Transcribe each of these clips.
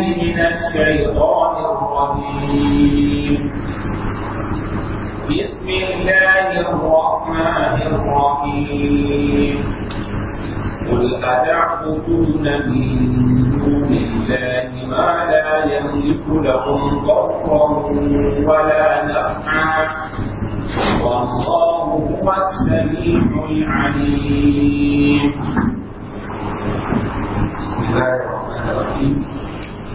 من الشيطان الرجيم بسم الله الرحمن الرحيم قل أتعبدون من دون الله ما لا يملك لكم ضرا ولا نفعا والله هو السميع العليم بسم الله الرحمن الرحيم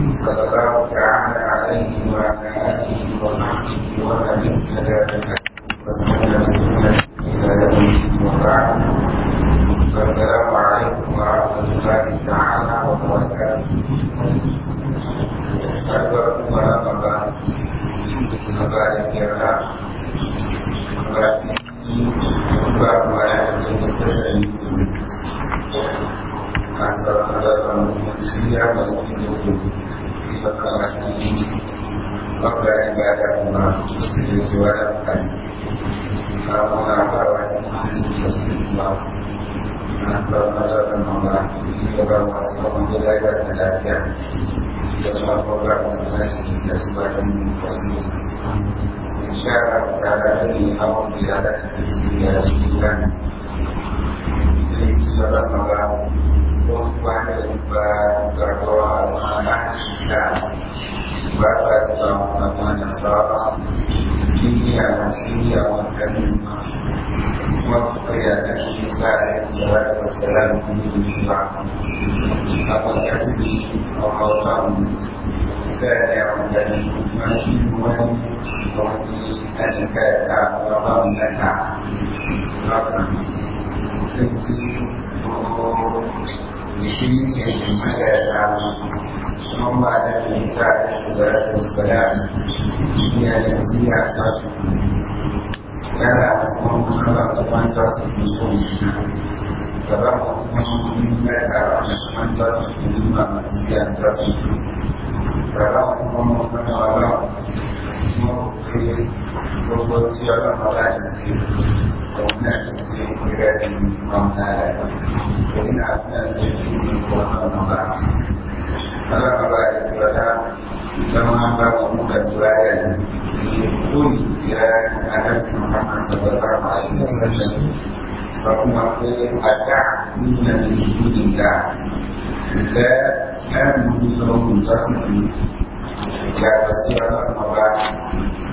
صلى الله تعالى عليه وعلى آله وصحبه ومن اهتدى السلام عليكم ورحمة الله تعالى وبركاته. أكبركم ورحمة الله. Mengkaji kita, mengkaji bahwa jenis kesan antara antara manusia dan hidup وبركاته وابدا عبادهما بالسؤال الخير فامر عباده الله Antara masyarakat mengenal program asal nilai dan tenaga Bersama program mengenai dan sebagian proses Insya Allah berada di awal tidak ada sekitar Jadi, saudara mengenal وحده ودعوة أمانة وأسأل اللهم من الصلاة فيه المسيح والكريم وفق ريادته سائر الصلاة والسلام عليه وعلى لقد كسبي وقوته كان يعبدني وشنوني وفي أنك تعبد لك ربنا تنسي لشيء مدى ثم على النساء عليه الصلاة والسلام من الجنسية التصل كما تكون كما تكون تصل من كما تكون مما تكون تصل مما مزية تصل كما تكون كما التسليم وتوزيع القضاء التسليم ومنع التسليم عبادا الله تعالى ومنع اثناء التسليم وقضاء القضاء فلا قضاء القضاء كما انبغى مدة آية قل يا أهل محمد صلى الله عليه وسلم فهو خير أتعلمون من دون الله لا أنهم لهم تصدقون لا تصير الله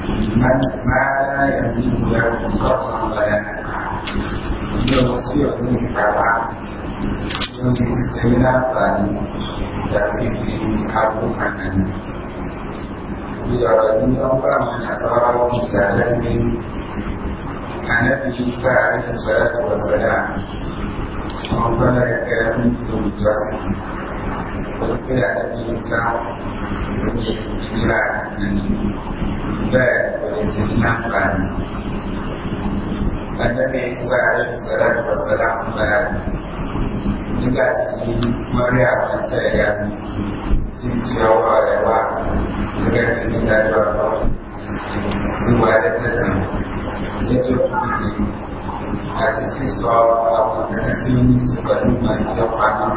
ماذا يمين له قطعا ولا يوصيه بالحرام يمسي السيدات تكفيه كابوكا يرى من أمر من أسرار مثالا عن أبي عيسى عليه الصلاة والسلام ربنا لك مثل الجسد قلت يا أبي عيسى إلى أنني الباب والاستثناء النبي صلى الله عليه الصلاة والسلام قال nígbà tí wọ́n rí àwọn ẹsẹ̀ ẹ̀yà tí ti ọwọ́ rẹ̀ wá gẹ́gẹ́ bí nígbàjọ́ ọ̀pọ̀ wíwá ẹlẹ́tẹ̀sán jẹ́jọ́ kìí àti sísọ àwọn ìrìn tí ó ní sí pẹ̀lú ìgbà tí ó pa náà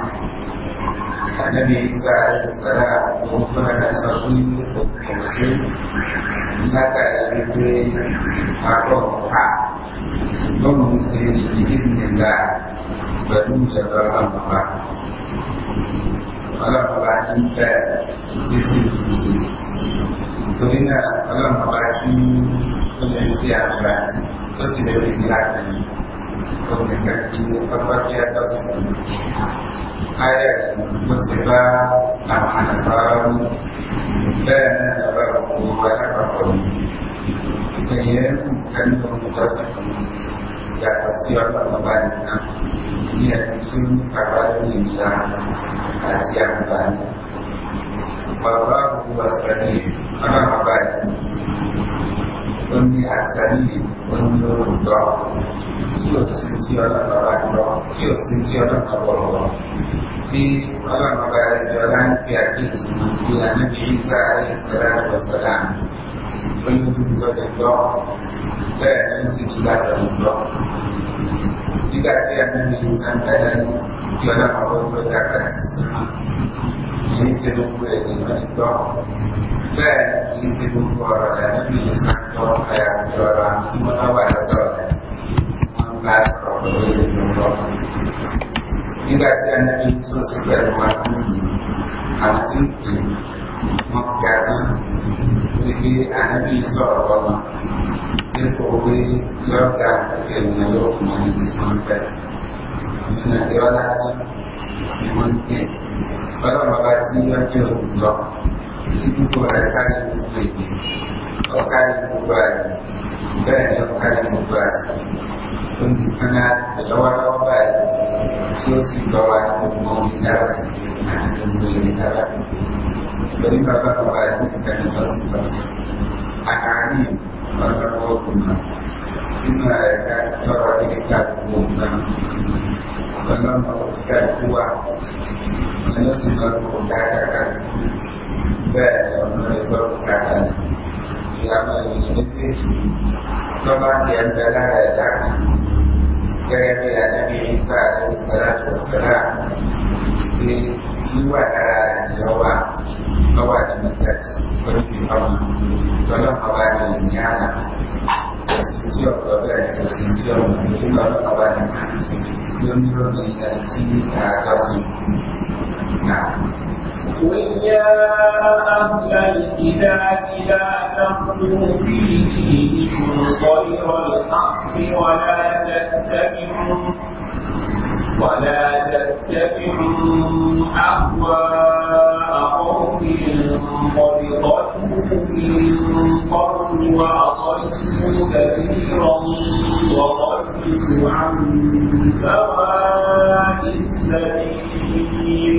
Terima kasih telah menonton! mendaki farfaki atas ayat musibah anak salam dan orang membuat apapun dan mengucapkan di atas ini adalah kabar dunia dan siapa bahwa buat sendiri anak membantu من السبيل والنور الله tí ó sì sí ọ̀nà bàbá lọ tí ó sì sí ọ̀nà ọ̀pọ̀lọpọ̀ bí ọlọ́run bá rẹ̀ jọ láńpẹ́ àkíyèsí bí ànábì ìsà àìsàlá ọ̀sàlá olùdókòtò lọ bẹ́ẹ̀ ló sì ti gbàgbọ́ lọ nígbà tí ànábì ìsà ń tẹ̀lé kí ọlọ́run to inizia dunque il marito, lei inizia dunque la ministra e allora si può trovare la donna, si può andare proprio per il mondo. Diversi anni in sono si fermati, anzi, non piacciono, perché anzi in sono tempo che l'organo che non è l'organo di smonte, non è che va da sé, non ọlọ́run bàbá tí wọ́n jẹ́ olùlọ tí gbogbo rẹ̀ kárí gbogbo èdè ọ̀kárí gbogbo àyè bẹ́ẹ̀ ni ọ̀kárí gbogbo àṣà tó ń dùn náà lọ́wọ́lọ́wọ́ mau tí ó sì lọ́ wa ní gbogbo kita dára àti gbogbo èdè dára Cuma cara dekat muntah Dalam kuat Mana sebab mengatakan Bela mereka berkatan Lama ini Kemasian dalam datang Kerana Nabi Isa Alaihissalam di wíwà dára àti ọwà ada àdìmọ́tì àti oríkì kalau ìtọ́lọ́ ọba ní ìní àná sí tí ọ̀pọ̀ bẹ̀rẹ̀ kò sí tí ọmọ ìtọ́lọ́ ọba ní lónírò قل يا أهل الكتاب لا غير الحق ولا تتبعوا ولا تتبعوا أهواء قوم قد ضلوا من قبل وأضلوا كثيرا وضلوا عن سواء السبيل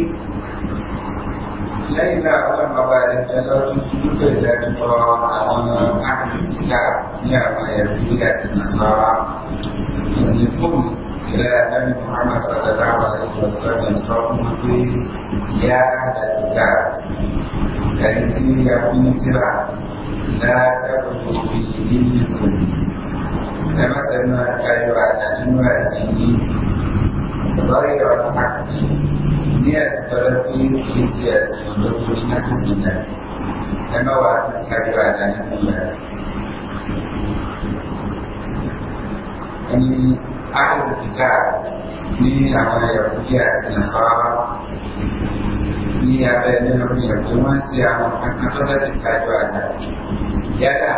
ليس على مبارك لكن يوجد ذلك أهل الكتاب يا ما يرجو النصارى منكم Bila Nabi Muhammad sallallahu alaihi wasallam sholat ya dan Dan di sini ya pun cerah. La tabu bi dinikum. Nama sana sini. Bagi orang hati, dia seperti Yesus untuk mengingat kita. Nama warna kayu ada Ini أهل الكتاب من أولى يهودية النصارى من أبناء اليهودية ومن سيام نصرة الكتاب yálà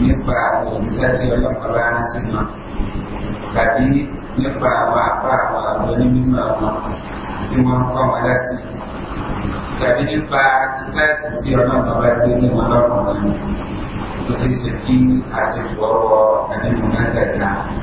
nípa àwọn òṣìṣẹ́ tí ọlọ́pàá bá bisa sí yang tàbí nípa ini àpá apa apa onímọ̀ àwọn tí wọ́n ń kọ́ wọn lẹ́sìn tàbí nípa ìsáàsì tí ọlọ́pàá bá gbé ní wọn lọ́rùn wọn ó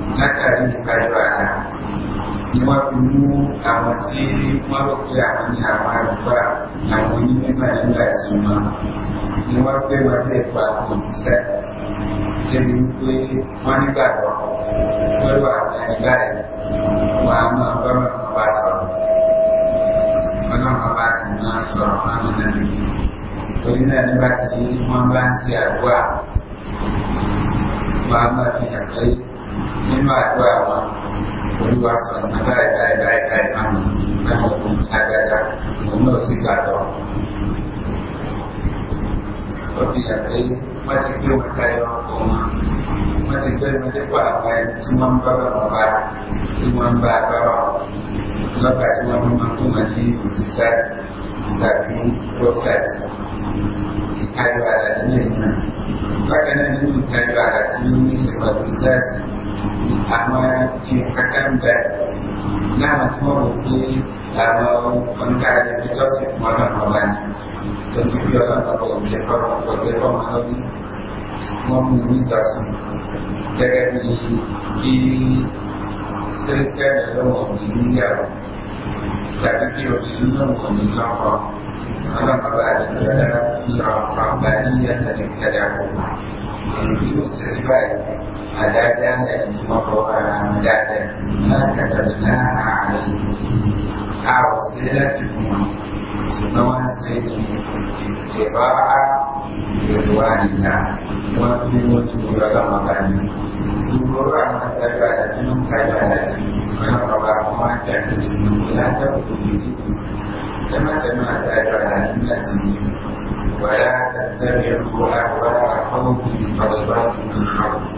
látàrí ìpàdé àná ni wọ́n fi mú àwọn tí wọ́n rò pé àwọn ní àwọn àdúrà àwọn onímọ̀ nígbà sí wọn ni wọ́n fẹ́ wọn fẹ́ pa àwọn òjíṣẹ́ débi wípé wọ́n nígbàgbọ́ pẹ̀lú àwọn ẹni báyìí wọ́n á máa bá wọn kọ́ bá sọ̀rọ̀ wọn náà kọ́ bá sì máa sọ̀rọ̀ wọn nínú ẹni torí náà nígbà tí wọ́n bá ń ṣe àdúrà wọ́n á máa fi hàn pé คิดว่าว่าวิวาสนาได้ได้ได้ได้ทำนะครับอาจจะผมเราสิ่งใดต่อก็ที่อยากได้มาสิ่งที่มาใครเราผมมาสิ่งที่มาไดกว่าไปสมองก็ต้องไปสมองไปก็แล้วแต่สมองมันก็มาที่ิตใจกที่ process ใครว่าอะไรนี่นะก็แค่นั้นนี่รว่าที่มีสิ่งที่ p r sama mengatakan that nah semua bukti kalau penegak ada kecos itu mana orang orang kalau dia kalau eh, dia kalau di di teruskan dalam meninggal tapi kira kira mau meninggal karena pada ada ada ramai yang tidak ada itu sesuai مددا يتم فوقها مددا ما كتبناها عليه أعوصينا سكون سنوان سيد اتباع رضوان الله وفي وجه رمضان يقول عن العبادة من كبادة ويقرأ ما كان سنه لا تأخذ كما سمعت عن الناس ولا تتبع أهواء قوم قد ضاقوا من قبل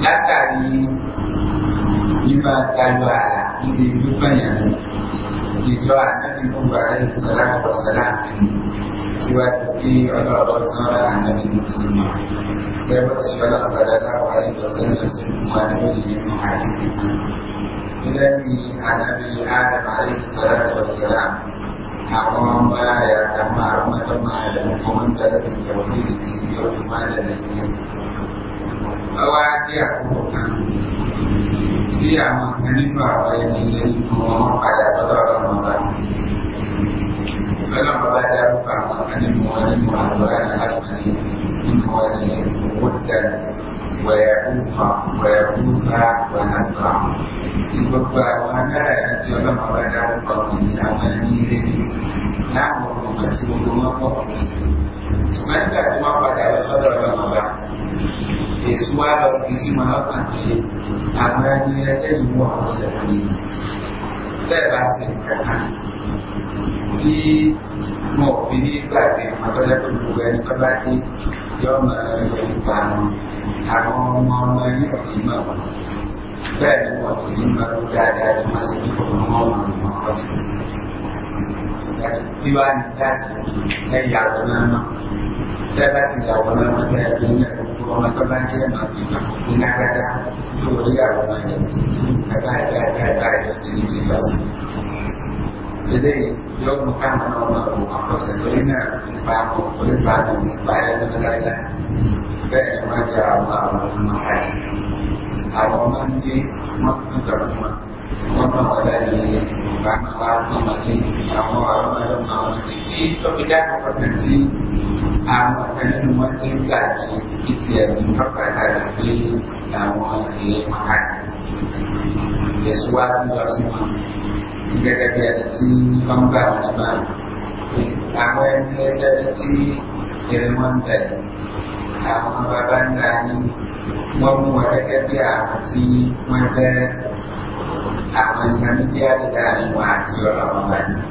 látàrí nípa tayọ àlà níbi ìdúpẹ̀yàn ìjọ àtẹ́bí gbogbo àrẹ ìsọ̀lá ọ̀sẹ̀lá síwájú kí ọlọ́ọ̀rọ̀ tí wọ́n rà ànábì ní ìsúná tí wọ́n wà lórí nínú àdìsí kan. Ilé ni ànábì Adam àrẹ ìsọ̀lá àwọn ọmọ ya kama àwọn ọmọdé máa lẹ́nu kọ́mọ́ntà lẹ́nu tẹ̀wọ́n ní ìdí tí yóò fi máa lẹ́nu ọwọ́ dia àkókò kan sí àwọn kan nínú àwọn ẹni lẹ́yìn wọn padà sọ́dọ̀ ọlọ́run ọba. Ọlọ́run ọba dárúkọ àwọn kan nínú wọn nínú àlọ́ ẹ̀rọ láti ní nínú wọn ní owó tẹ̀lé wẹ̀ẹ́kúfà wẹ̀ẹ́kúfà wẹ̀ẹ́nàṣà. Gbogbo àwọn agbára ẹ̀rọ tí ọlọ́run ọba dárúkọ risuwa da isi mahaukance amma ni na tẹ́lẹ̀ mú àwọn sẹ̀rẹ̀ ní bẹ́ẹ̀ bá ṣe kankan tí mo fi ní gbàgbé àtọ́jọ́ tó gbogbo ẹni tó bá dé yọ mọ ẹni pa àwọn ọmọ ọmọ ẹni ọ̀dì náà bẹ́ẹ̀ ni wọ́n sì ní mọ ọdún dáadáa tí wọ́n sì 我们慢慢这样嘛，应该在这如果要我们在在在在在就是一直就是。Jadi, yo apa ini, karena Allah memakai. Awal mandi, maka memakai. Itu tidak kompetensi àwọn ẹni tí wọ́n ti ń gbà ní títí ẹ̀dùn lọ́pàá tàbí pé àwọn èèyàn máa tẹ̀síwájú lọ sí wọn gẹ́gẹ́ bí Aman tí wọ́n gbà wọn nígbà àwọn ẹni ẹgbẹ́ tí ẹ̀rẹ̀ wọn bẹ̀rẹ̀ àwọn bàbá ń gbà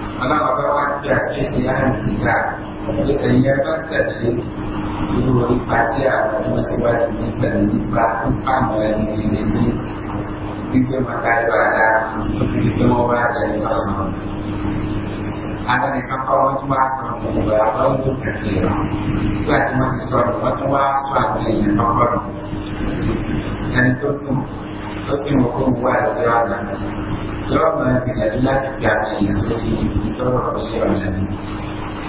kita حتى حسنان الكتاب لكي يبتدئ dulu dipasya semestinya dan dilakukan oleh diri ini itu maka ibadah itu mau dari pasal ada di kapal macam asal beberapa untuk kecil itu cuma sesuatu macam yang kapal dan itu terus yang hukum buat norma de la y el todo lo que lleva en la vida.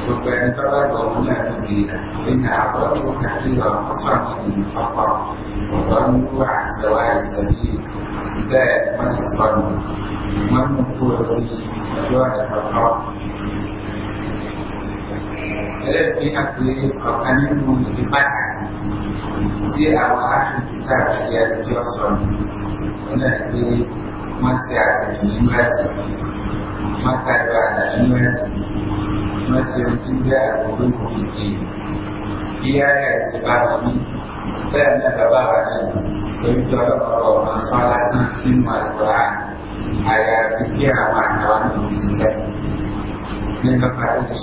Porque en todo una actividad, en أعضاء كثيرة أصلا من الفقر وظنوا عن سواء السبيل ذات مس الصدمة والمقوة في أجوال الفقر التي أكلت قرآنهم اتباعا سيئة وآخر كتاب جاءت يوصل هناك masih ciência de universo, uma carreira de universo, uma ciência de zero, um pouquinho. E aí, esse barulho, até na babada, eu me dou uma salação que não é coragem, aí eu fiquei a marcar no sincero. Nínú pàtó ti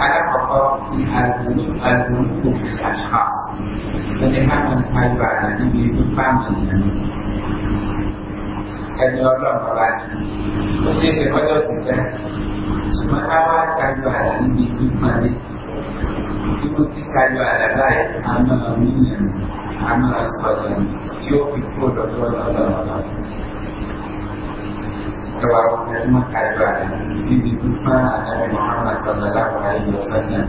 يتحقق فيها الملوك في الأشخاص فلهذا نحب أن يكون فاهما ẹni ọlọ́run bàbá rẹ̀ ó ṣeé ṣe kọjọ́ ti sẹ́ ṣùgbọ́n ká wá kájú àlà níbi pípọ́n rí ikú tí kájú a a cewa kalmar kalba da cikin tufa annabi Muhammad sallallahu alaihi wasallam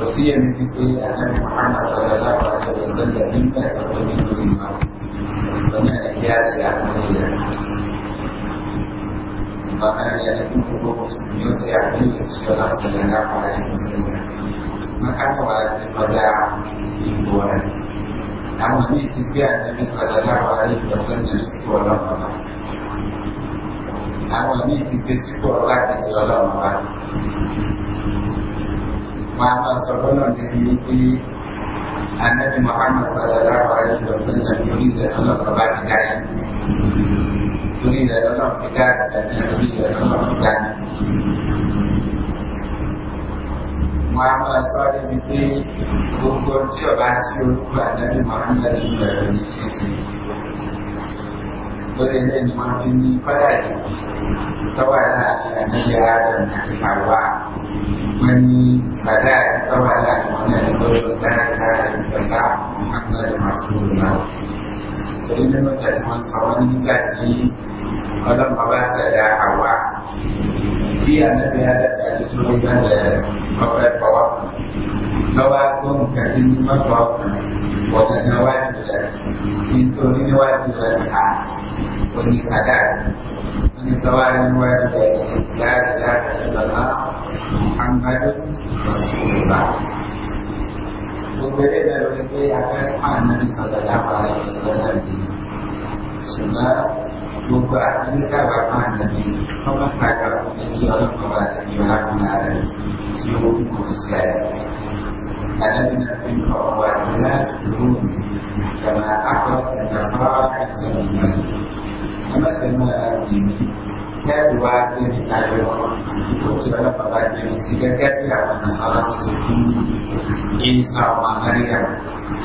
wasiyar da take annabi Muhammad sallallahu alaihi wasallam din da ta tafi gurin ba wannan da kiyasi a duniya bahkan dia ada pun hukum muslim saya ini sekolah selenggara pada muslim maka kepada pada hiburan namun ini tidak ada selenggara pada muslim sekolah àwọn ní ìdíje sípò láti di ọlọ́run wa. Wọ́n á máa sọ Muhammad sallallahu alayhi wa sallam torí ilẹ̀ ọlọ́run bá ti dáyà. Torí ilẹ̀ ọlọ́run ti dáyà àti torí ilẹ̀ ọlọ́run ti dáyà. Wọ́n á máa sọ ก็่นเล่นมาที่นี่ก็ได้สวัสดิ์นักกีฬาเดินที่มาว่ามันใส่ยได้สวัสดิ่ของเนี่ยโดยได้ใช้เป็นล่าอันนั้นมาสู่เราตัวนี้มันจะทำสวัสดี์ได้ที่กาต้องมาว่าสียได้หาว่า dia nanti ada dari sebelumnya dari kabinet bawah bahwa aku mengkaji lima bab wajah nyawa sudah pintu nyawa sudah sah penyisakan penyisawa nyawa sudah tidak tidak sudah Muhammad Rasulullah Kemudian dari itu akan anak Nabi Sallallahu Alaihi Wasallam Sebab duk ba in ka ba kan da ne kuma ka ka ci wani ba ba da ke wala kuma da ci wani ko su sai alam na fi kawo da la dun kama akwai nasara kan sanin nan kuma sai ma da ne quer doar aquilo que está levando, você vai pagar aquilo que se quer, quer criar uma sala de e salvar a área,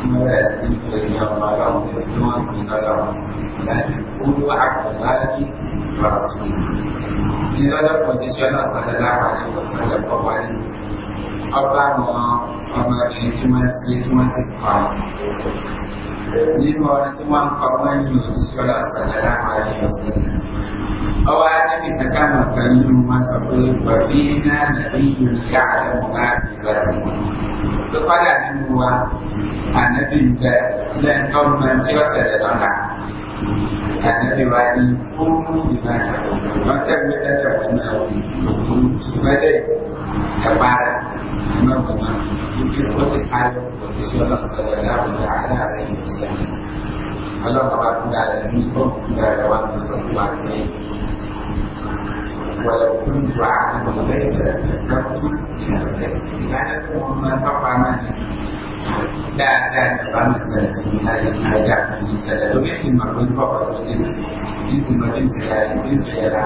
que merece que ele tenha um valor, um valor, tudo a qualidade para assumir. E nós acondicionamos a área para você levar ọba àwọn ọmọbìnrin tí wọ́n sí tí wọ́n sì pa nínú ọ̀rẹ́ tí wọ́n ń pa wọ́n ní òṣìṣẹ́ ọ̀la ṣàlàyé àwọn ẹ̀yọ́ sílẹ̀. Awalnya kita kan makan rumah satu berbina dari dunia ada mengajar kepada semua anda juga dan kaum manusia saja tanah anda diwadi pun di masa masa kita jauh melalui pun sebagai kepada memang memang itu posisi ayat posisi Allah sebagai Allah yang ada di sana. Allah tabaraka ta'ala ni ko da rawan sallallahu alaihi ولو كنت أعلم الغيب لاستكبرت من الخير. لماذا تقوم طبعا لا لا تقام السلاسل هذه الحاجات في السلاسل. ويحكي المرض فقط يجلس المريض سيارة يجلس سيارة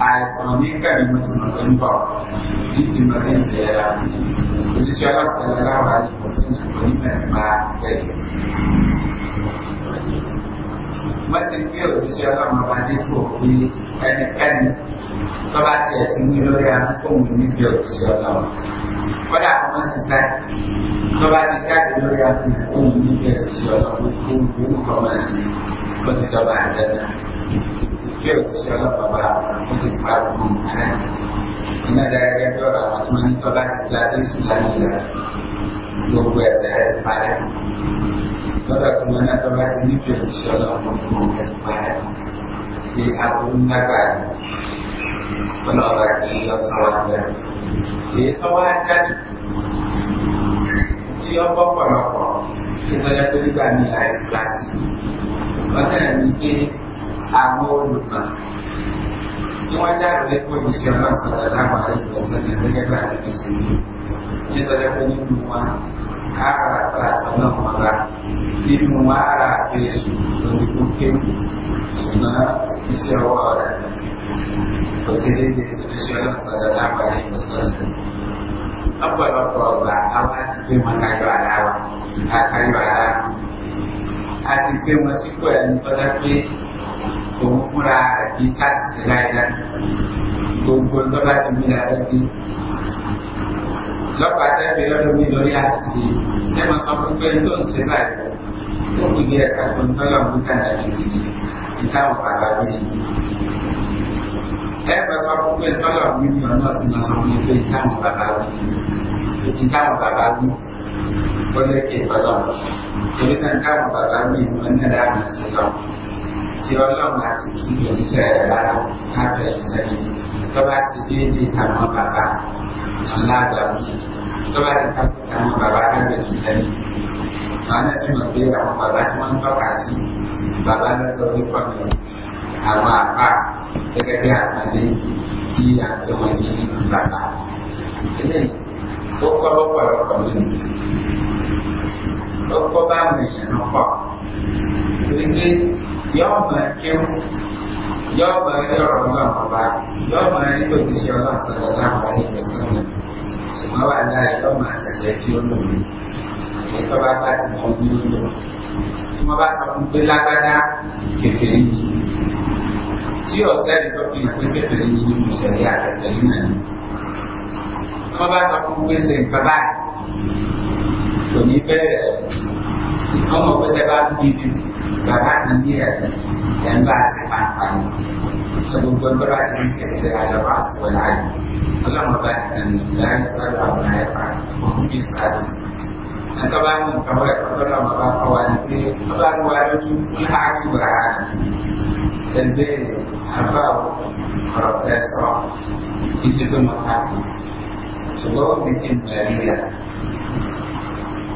على صنعك كلمة المرض فقط يجلس المريض سيارة يجلس سيارة سيارة وعليه وسلم ولما ما wọ́n ti gbé òṣìṣẹ́ ọlọ́run ọba dípò kí ẹnikẹ́ni tó bá tiẹ̀ ti ní lórí àtúkòmù níbi òṣìṣẹ́ ọlọ́run kọ́dà àwọn ṣiṣẹ́ tó bá ti jáde lórí àtúkòmù níbi òṣìṣẹ́ ọlọ́run tó ń gbé orúkọ máa sí ó ti dọ́gba àjẹ́ náà gbé òṣìṣẹ́ ọlọ́run ọba ó ti pa òkun náà iná dáadáa bí ọ̀rọ̀ àwọn tí wọ́n ní tó bá ti gba tí Pada semuanya telah ini tradisional diagunkan penolakan sahabat itu wajar siapa pelokok kita yang berikan nilai plus pada ini aku lupa semua cara oleh posisi Allah Sallallahu Alaihi Wasallam mereka berada di sini kita yang punya arata não hará. e não hará isso. Então, porque né, isso é hora. Você deve esperança da trabalhar em você. Apa yang kau buat? Awak sih makan juara, makan juara. Asyik masih kuat, tetapi se kisah selain dan kumpul kepada sembilan lagi. lọ́pàá tẹ́ bí lọ́dún mi lórí àṣìṣe ẹ máa sọ fún pé tó ń ṣe báyìí ó kù ní ẹ̀ka tó ń tọ́lọ̀ mú kàdà kìkìkì ìtàwọn bàbá mi. ẹ máa sọ fún pé tọ́lọ̀ mi ni ọ̀nà ti máa sọ fún pé ìtàwọn bàbá mi ìtàwọn bàbá mi ó lẹ́kẹ̀ẹ́ tọ́lọ̀ torí náà ìtàwọn bàbá mi ìmọ̀ náà dáa ní ìṣẹ̀lọ̀ tí ọlọ́run àti ìdílé oníṣẹ́ rẹ̀ lára lábẹ́ ìṣẹ́yìn tó bá ti dé ní àwọn bàbá aláàgbàmù tó bá ti kápẹ́ àwọn bàbá lábẹ́ ìṣẹ́yìn àwọn náà sì mọ̀ pé àwọn bàbá tí wọ́n ń tọ́ka sí bàbá lọ́dọ̀ oníkọ̀ mi àwọn àbá gẹ́gẹ́ bí àpàdé tí a pè wọ́n ní bàbá. eléyìí ó kọ́ lọ́pọ̀lọpọ̀ lónìí ó kọ́ bá yóò máa kẹ́wù yóò máa rí ọ̀rọ̀ náà ọba yóò máa rí òjíṣẹ́ ọlọ́sọ̀rọ̀ láwọn àríwọ̀sán náà ṣùgbọ́n wà láàyè yóò máa ṣẹ̀ṣẹ̀ kí ó lòun èyí tó bá bá ti mọ ní lò tí wọ́n bá sọ fún pé lágbádá kékeré ni tí ọ̀sẹ́ ni tó fi hàn pé kékeré ni nínú ìṣẹ̀lẹ̀ àtẹ̀tẹ̀lé náà ni tí wọ́n bá sọ fún pé ṣe nǹkan báyìí kò ní bẹ́ẹ̀ ọmọ pẹ́tẹ́ bá ń bí bíbí. baratın sendiri dan en bahsi pantan sebelum beratın kesi ala ras ve al Allah dan la yisal abna yapan hukum yisal dan kabangun kawai kawai kawai kawai kawai kawai ulha berhati dan dia hafal profesor di situ matahari sebelum bikin beliau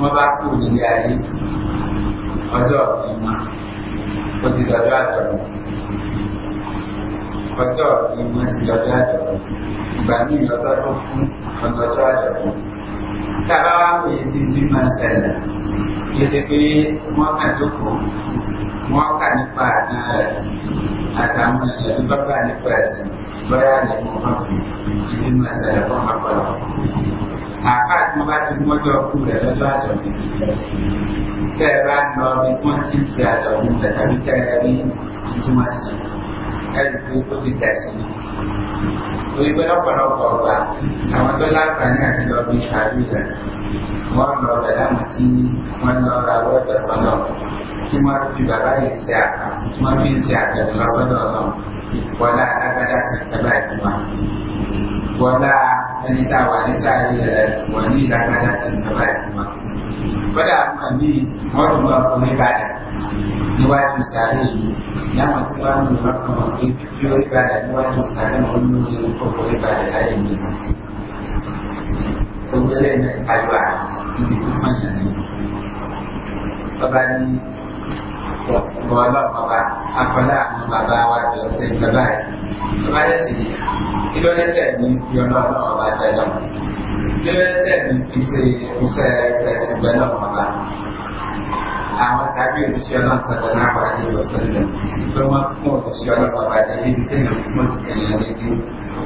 wọ́n bá kú nílé ayé ọjọ́ ìmọ̀ ó ti dọ̀jọ́ àjọ̀dọ̀ ọjọ́ ìmọ̀ ti dọ̀jọ́ àjọ̀dọ̀ ìgbà ní ìlọ́tọ́ tó fún ọjọ́ àjọ̀dọ̀ tábà wá pé sí ti máa ṣẹlẹ̀ kì í ṣe pé wọ́n kàn tó kù wọ́n kà nípa àdá rẹ̀ àtàwọn ẹ̀dùn bábà nípa ẹ̀sìn kau àpá àti wọn bá ti mú ọjọ́ kú rẹ̀ lọ́jọ́ àjọ̀dún tẹ́ ẹ bá ń lọ bí wọ́n ti ń ṣe àjọ̀dún rẹ̀ tàbí tẹ́ ẹ rí ìtumọ̀ sí ẹ̀rù pé ó ti tẹ̀ sí torí pé lọ́pọ̀lọpọ̀ ọgbà àwọn tó láǹfààní àti lọ bí ṣáájú rẹ̀ wọ́n lọ bẹ̀ láwọn tí wọ́n lọ ra wọ́ọ̀dọ̀ sọ́dọ̀ tí wọ́n fi bàbá yìí ṣe àkà tí wọ́n fi ń ṣe àjọ̀dún náà wọ́n wọlá ẹni tá a wà ní sáré rẹ wọ ní ìdágbádá sí ìjọba ìjọba kódà àwọn mi wọn tún lọ fún ìbàdàn níwájú sáré yìí láwọn tí wọn ń lọ fún wọn pé kí ó ìbàdàn níwájú sáré wọn ní orí kókó ìbàdàn láyé mi gbogbo ẹlẹ́yìn náà ìtajọ níbi tó fún ìyàn ní ọba ní tọ̀ mọ ọlọ́run ọba akọ́lá àwọn bàbá wa jọ sí bàbá rẹ̀ bàbá rẹ̀ sì yẹ kí ló lẹ́tẹ̀ ní fi ọlọ́run ọba tẹ́lọ̀ kí ló lẹ́tẹ̀ ní fi ṣe iṣẹ́ ẹ̀sìn gbẹ́lọ̀ ọba àwọn sábẹ́ òṣìṣẹ́ náà sọ̀rọ̀ náà wà ní ìwọ̀sánlẹ̀ tó wọ́n fún òṣìṣẹ́ ọlọ́pàá bá dé ibi tẹ́lẹ̀ fún òṣìṣẹ́ lẹ́dí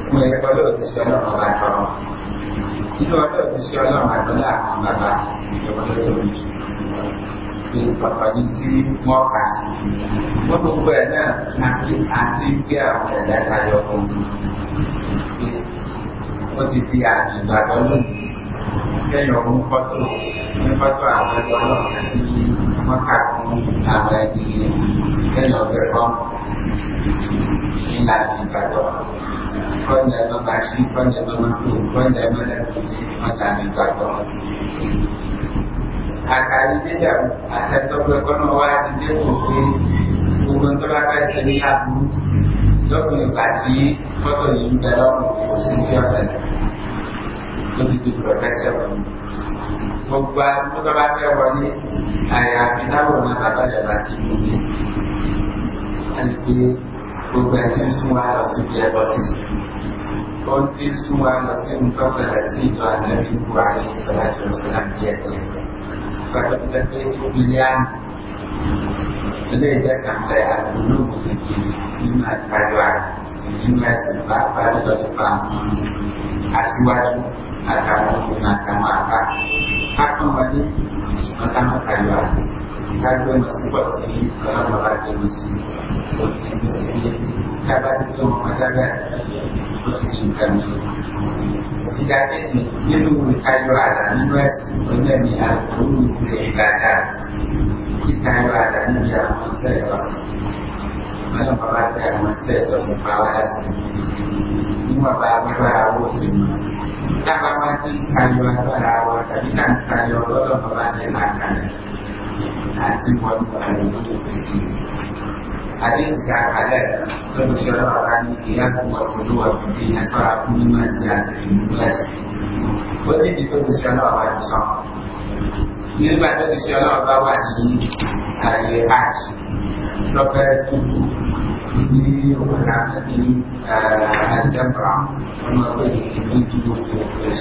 fún ẹgbẹ́ olóòṣìṣẹ́ ọlọ́pàá bá tọrọ. Nínú ọlọ́òṣìṣẹ́ ọlọ́pàá tó láàrin bàbá ìjọba ló tóbi ní pàtàkì tí wọ́n kà sí. Wọ́n tó gbọ́ ẹ̀ náà àti àti gbé àwọn ẹ̀dá ìtajọ kan. Ó ti di àgbàdo lónìí. Kẹ́yìn ọ̀hún fọ́tò ní fọ́tò àwọn ẹgbẹ́ ọlọ́ọ̀kan sí wọ́n kà fún àwọn ẹbí kẹ́yìn ọ̀bẹ kan. Nílànà ìgbàgbọ́. Kọ́ni ẹ̀rọ màṣí, kọ́ni ẹ̀rọ mọ́tò, kọ́ni ẹ̀rọ mọ́tò, ọjà ní ìgbàgbọ́ àkàrí dédà àtẹ́tọ́pẹ́ kọ́nà wá ti dẹ́kun pé gbogbo ń tọ́lá ní àbúrú lọ́kùnrin ìgbà tí yìí ń bẹ lọ́rùn kò sí tí ọ̀sẹ̀ ló ti di pọ̀tẹ́sẹ̀ wọn. gbogbo àtúntò bá fẹ́ wọlé àyàfi láwọn ọ̀nà àbájá bá sí ìlú àti pé gbogbo ẹ̀ ti ń sún wa lọ síbi ẹ̀kọ́ sísè ó ti ń sún wa lọ sí nǹkan ṣẹlẹ̀ sí ìjọ ànábì kúrò àyè ìṣẹ̀lẹ̀ àti ìṣẹ̀lẹ̀ àti ẹ̀kọ́ ẹ̀kọ́. pada bulan ke menjaga saya dulu di lima Taiwan lima sebab pada depan asuhan akan menggunakan mata hak kembali pertama Taiwan kaga masifa sini kana magana musulmi musulmi kaga kalau mataga mutum kan ida kace yadda mun kayo ala ni wes wanda ni a kuru da ibada ki kayo ala ni ya sai wasu mana barata ya sai wasu bawala ni ma ba ni ba wasu ta ba ma tin kayo kan kayo itu ba sai That's important for everyone to Hadis yang ada berbicara dia buat kedua di asal lima sebelas belas. Boleh You apa sahaja. Ini pada bicara bahawa ini hari haji. Lepas itu ini orang ini ada berang, mereka ini tujuh belas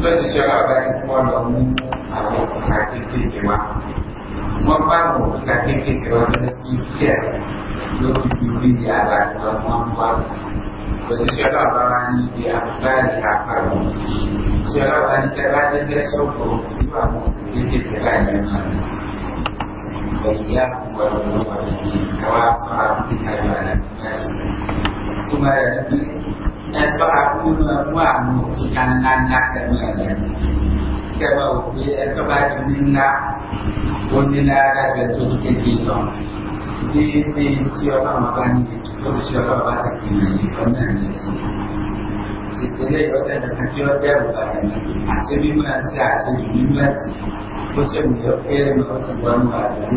lọ́dún sí ọlọ́ọ̀bá ní kí wọ́n lọ mú àwọn òkúta kéékèèké wá wọ́n bá àwọn òkúta kéékèèké wá sí di àdàkọ wọn wá lọ́dún sí ọlọ́ọ̀bá wá ní ibi àbúgbáyé àpàrọ̀ sí ọlọ́ọ̀bá ní tẹ́lá jẹ́jẹ́ sọ́kọ̀ nípa ẹsọ akúnú ẹmú àwọn òkúta ńlá ńlá tẹmú ẹlẹ kẹwàá òkú ẹsọ bá ti ní ti ti ọlọ́run bá sì kì í ní ìfọ́ náà ní sí ìpínlẹ̀ ìrọ́jà kankan tí ó dẹ́rù bàtà ní àṣẹ mímọ́ sí àṣẹ mímọ́ sí ó sì mú yọ pé ẹnu ọtí wọnú àdúgbò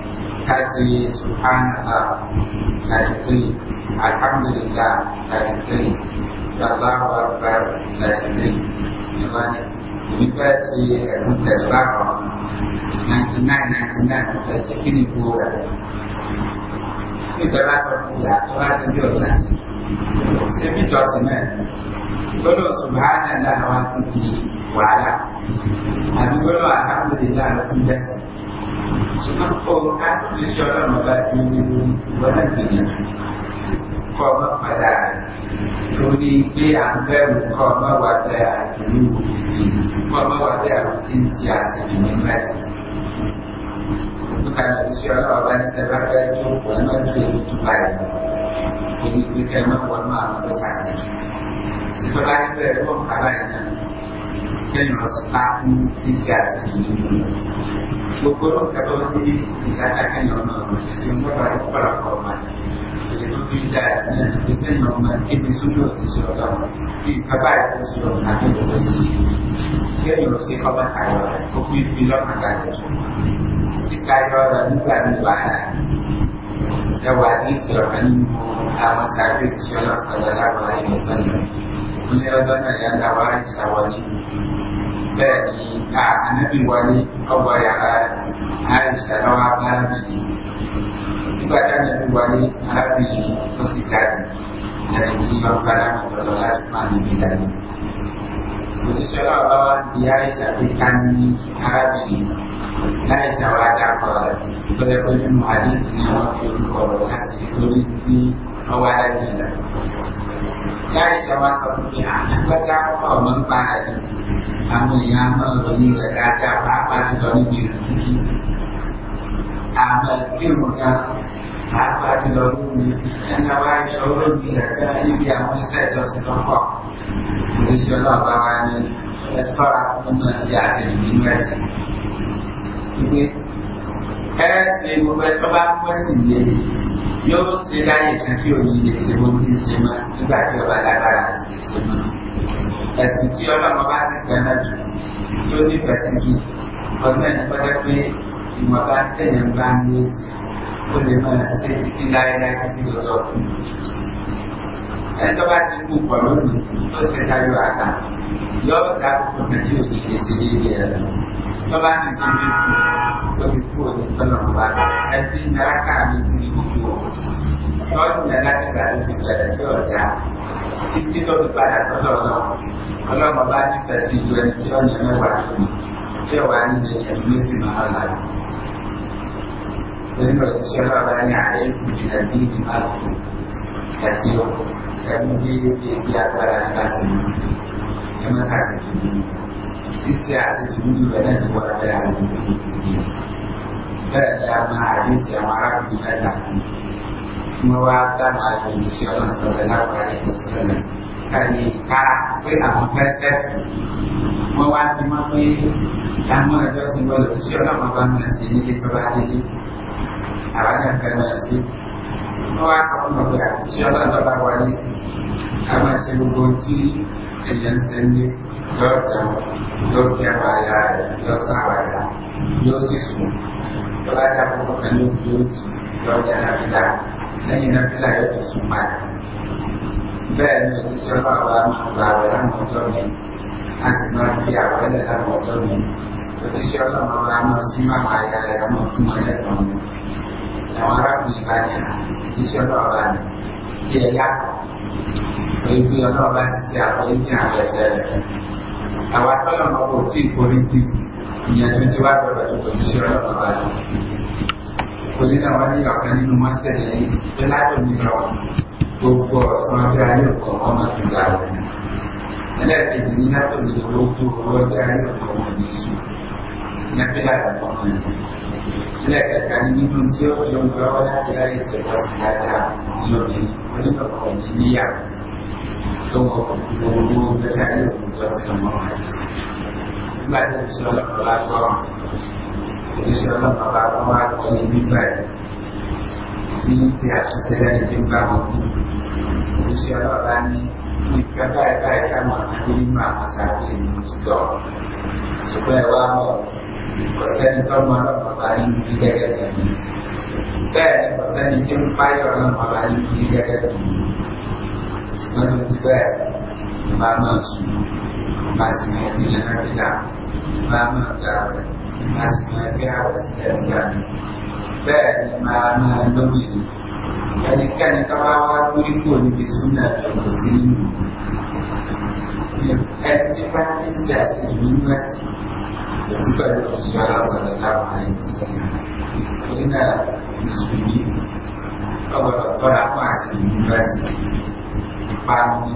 kasi subhanallah thirty three alhamdulillah thirty three allahu akbar thirty three ìwádìí nípa sí ẹ̀rù tẹ̀síwájú ninety nine ninety nine nípa sí kíni kú rẹ̀ nígbà bá sọ fún ìyá tó bá ṣe bí ọ̀sán sí ṣé bí jọ́sìn náà gbọ́dọ̀ subhanallah wa tún di wàhálà àbí gbọ́dọ̀ alhamdulillah wa tún jẹ́sìn. mengumpulkan sesuatu baju buatan dunia koma pada tuni pe anggar koma wada dulu koma rutin siasa di universi bukan sesuatu orang itu koma itu itu baik ini bukan koma prestasi setelah itu ada koma lainnya dan satu sisi asli Syukur kalau ini dikatakan normal Semua baru para formal Jadi pindahnya Kita normal Ini sudah disuruh Di kabar disuruh Nanti terus Dia yang si kabar kaya Kupi bilang agak Si kaya Bukan dibahana Jawadi selain Amat sakit Sallallahu alaihi wasallam Beliau tanya yang dawari Sawali Dari Anak diwali kebaikan Aisyah rawat Nabi ibadahnya kembali Nabi bersihkan dari jiwa sana mencolok mandi bidan Jadi seolah bahwa dia disabitkan Nabi Aisyah wajah Bagaimana muhadis ini nah, wakil korolasi itu di awalnya Aisyah masa punya anak Baca apa àwọn yang máa lọ apa ìgbàgbà ajá pàápàá jùlọ níbi ìrìn kíkí àmọ́ kírun náà pàápàá jùlọ lóhùn ẹnlá wa jọ lóhùn ìgbàgbà níbi àwọn iṣẹ́ ìjọsìn tó pọ̀ oríṣi ọlọ́ọ̀bá wa ni ẹ sọ́ra fún náà sí àṣẹyìn nínú ẹ̀sìn ìpè ẹ̀ẹ́sìn gbogbo ẹ̀tọ́ bá pẹ́sìn yé yóò ṣe láyé kan tí òun lè ṣe bó ti ṣe mọ́ nígbà tí ọba lágbára ti ṣe mọ́ ẹ̀sìn tí ọlọ́run bá sì fẹ́ràn jù tó nífẹ̀ẹ́ sí jù ọdún ẹ̀dá pẹ́jẹ́ pé ìwọ̀nba tẹ̀yẹ̀ bá ní èsì ó lè máa ṣe títí láéláé títí lọ́sọ̀ fún un. ẹni tó bá ti kú pọ̀ lónìí tó ṣe dájú àká yóò dá gbogbo kan tí òkè lè ṣe déédé ẹ̀ lọ. tó bá sì ti ní kú ó ti kú òní tọ́lọ̀ wá ẹ ti ń daraka mi ti ní gbogbo ọ̀ lọ́dún náà láti gbà tó ti gbàdá tí ọ̀já títí tó fi padà sọ́dọ̀ náà ọlọ́mọ bá nífẹ̀ẹ́ sí ju ẹni tí ọ̀nà mẹ́wàá tó kù tí ọ̀wá nílé ẹ̀mí méjì máa ń láyé. Nínú òṣìṣẹ́ lọ́dọ̀ ní àárẹ̀ ìkùnjù ẹ̀mí ní máàlù ẹ̀sí o ẹ̀mí bí ebi agbára nípa sí i ẹ̀mí sàṣì kìíní ṣíṣe àṣìkìíní rẹ̀ náà ti wà lábẹ́ àwọn ìgbìyànjú bẹ́ẹ̀ ni a máa àdéṣe àwọn arábìnrin mẹ́ta kù tí wọ́n wá dáná àyè sí ọ̀nà sọ̀rọ̀ láwọn àyè sọ̀rọ̀ kàní kára pé àwọn fẹ́ sẹ́sì wọ́n wá bí wọ́n pé àwọn ẹjọ́ sí wọ́n lọ sí ọ̀nà wọn bá mọ̀ sí nílé tó bá délé àbájá fẹ́ mọ̀ sí wọ́n wá sọ fún ọ̀gbẹ́ àti ọ̀nà tó bá wọlé àwọn ẹsẹ̀ gbogbo tí èèyàn ṣe ń lẹ́yìn náà fílà yóò tó sùn padà bẹ́ẹ̀ ni o ti sọ fún àwọn àgbà rẹ̀ láwọn ọjọ́ mi a sì máa fi àwẹ́lẹ̀ láwọn ọjọ́ mi o ti sọ fún àwọn àmọ́ súnmọ́ àwọn àyà rẹ̀ láwọn fún wọn lẹ́tọ̀ọ́ mi àwọn arákùnrin bá ní ti sọ fún àwọn àmì tí ẹ yàtọ̀ ojú ọlọ́ọ̀bá ti ṣe àforíjì àwọn ẹ̀ṣẹ̀ rẹ̀ àwọn atọ́lọ́mọ́ kò tí ì forí tì ìyẹn tó ti wá bẹ̀rẹ̀ tó ti sọ fún àwọn àmì. fazer trabalho legal, para mim não mostra lá para mim para o povo, são as áreas como a madrugada. é que de lá para mim, eu vou para outra área como isso. Na pelada, como é. Ela é que a não se eu eu vou isso se a meu bem, por ia. Então, uma para lá inshallah bakal kuat dibimbing inisiasi sedang jumlah hukum inshallah tani dikabaikan menghadiri masyarakat ini supaya wamo persen termarah matahari tidak ada tapi persen dicempai orang matahari tidak ada sebab juga lama masih ngaji lama tidak lama tidak asma terawat dan mana menemui Jadikan kawan kurikulum di sunnah dan muslim Antisipasi siasat minus Bersuka dengan Rasulullah Sallallahu Alaihi Wasallam Kena muslimin Kalau Rasulullah masih minus Pahami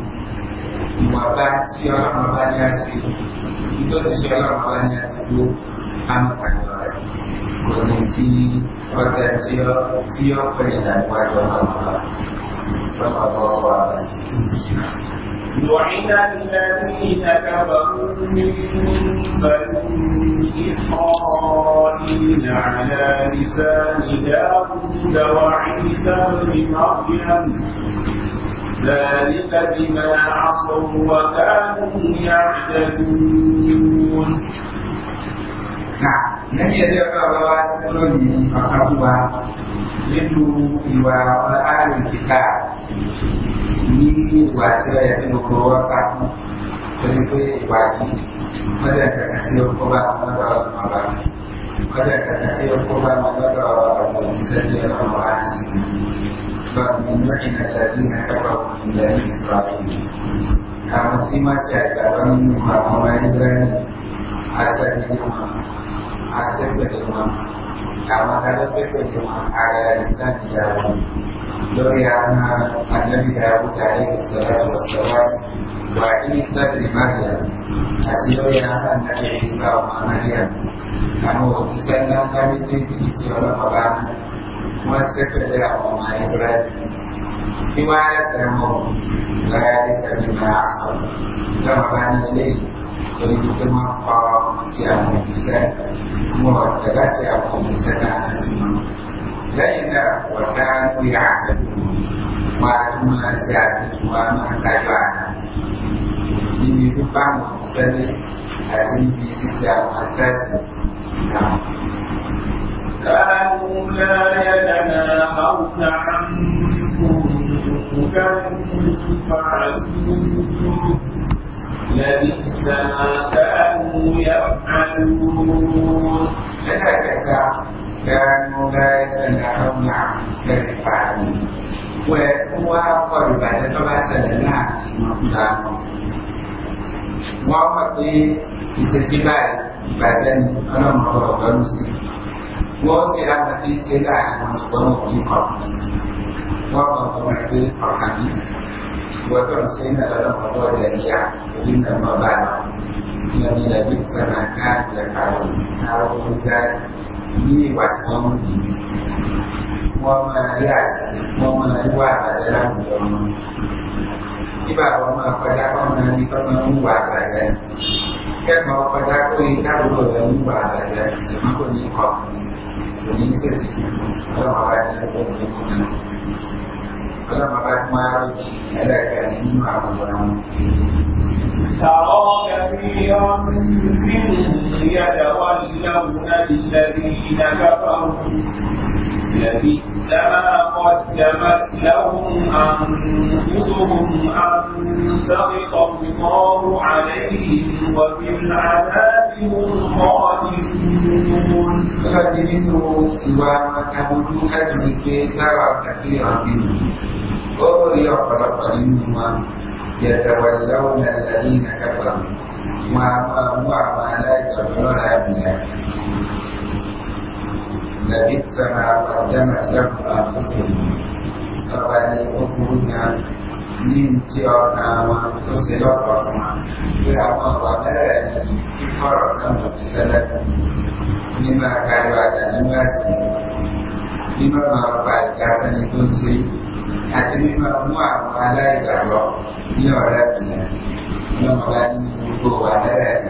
Muatan siapa sih Itu siapa namanya sih 他反正国内机或者只要只要可以来外国的话，那么多话是不必的。لعن الذين كفروا من بني إسرائيل على لسان داود وعيسى بن مريم ذلك بما عصوا وكانوا يعتدون nani yaliyotoa sikoloni wakakuwa vitu wa walaati mkikaa ni wasiwa yatimokorosa kwenye waki moja kakasio koba moja wa mabara moja kakasio koba moja wa wajisaji ya mawasi فمن لعن الذين كفروا من بني إسرائيل كما سيما سيعلمون ما هو إسرائيل حسن har sai da kama ta da sai da girma a rarrista da yawon don ya na annabi da ya wa isa da mariya a cikin ya na dari isa wa mariya kama wata sannan ta mutum ta ce Quindi kita tema siapa yang di sé, muore da yang ada di sé da nessuno. Lei era guardando in casa, ma tu non la si assitua a tagliare. Quindi tu parlo di كانوا لا يتناهون لبئس ما كانوا يفعلون كانوا لا يتناهون عن كفعل وهو قرب يتبسل لها فيما wọ́n mọ̀ pé ìṣesí báyìí ìbàjẹ́ ni ọlọ́run ọ̀rọ̀ ọ̀dọ́rùn sí wọ́n sì rámọ tí ń وتحسن الأمر جميعا إنما بعد يعني لبئس ما كان يفعلون حاولوا جاني وأتمام وما يأس وما يوعد لهم يوم ที่บาบอกมาประจักษ์ว่ามันมีต้นมะม่วงอะไรแค่มาประจักษ์ตัวเองถ้ารู้เลยมุ่งว่าอะไรสมมติคนนี้ขอบคุณ necessity ela vai ter que ela vai tomar ela é animada ترى كثيرا منهم يتولون الذين كفروا لبئس ما قدمت لهم انفسهم ان سخط الله عليهم وفي العذاب هم خالدون فقد منه وأنه أدرك ترى كثيرا منهم وأولي أقرب منهما يتولون الذين كفروا وما لا يقبلون بالله لبئس ما قدمت لكم أنفسهم فبلغوهن من سيرنا وانفسنا صرصنا فأمر بلد فرسا وفسلكم nínú àkàrà àtàlínú àsì nínú ọ̀nà ọ̀pá ìgbàfẹ́ni tó ń ṣe àti nínú ọmú àwọn aláìgbàgbọ́ ní ọ̀rẹ́ ìpìlẹ̀ ní ọ̀gá ní gbogbo wà lẹ́rẹ̀ rẹ̀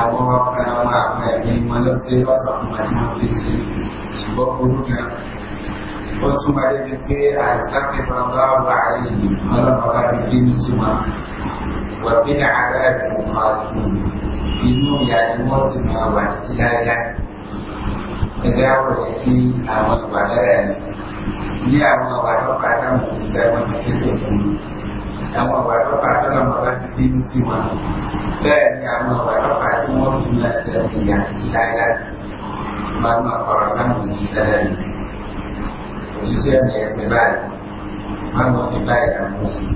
àwọn ọkùnrin àwọn àwọn ẹ̀mí wọn lọ sí ọ̀sán fún àti wọn fi ṣe ṣùgbọ́n orúkọ wasu marike a sake bangawa a yi marmara bikin suma wa bin arabi mafi inú ìyàtí wọ́n sì máa wà títí láyá ẹgbẹ́ àwòrán sí àwọn ìwà lẹ́rẹ̀ ní àwọn ìwà lọ́pàá táwọn ti sẹ́ wọ́n ti ṣe tó fún àwọn ìwà lọ́pàá tọ́lọ̀ mọ́ bá ti bínú sí wọn bẹ́ẹ̀ ni àwọn ìwà lọ́pàá tí wọ́n fi máa tẹ ìyà títí láyá máa máa kọ̀rọ̀ sáwọn ìjísẹ́ El Luciano é Sebário, mas não tem pé da música.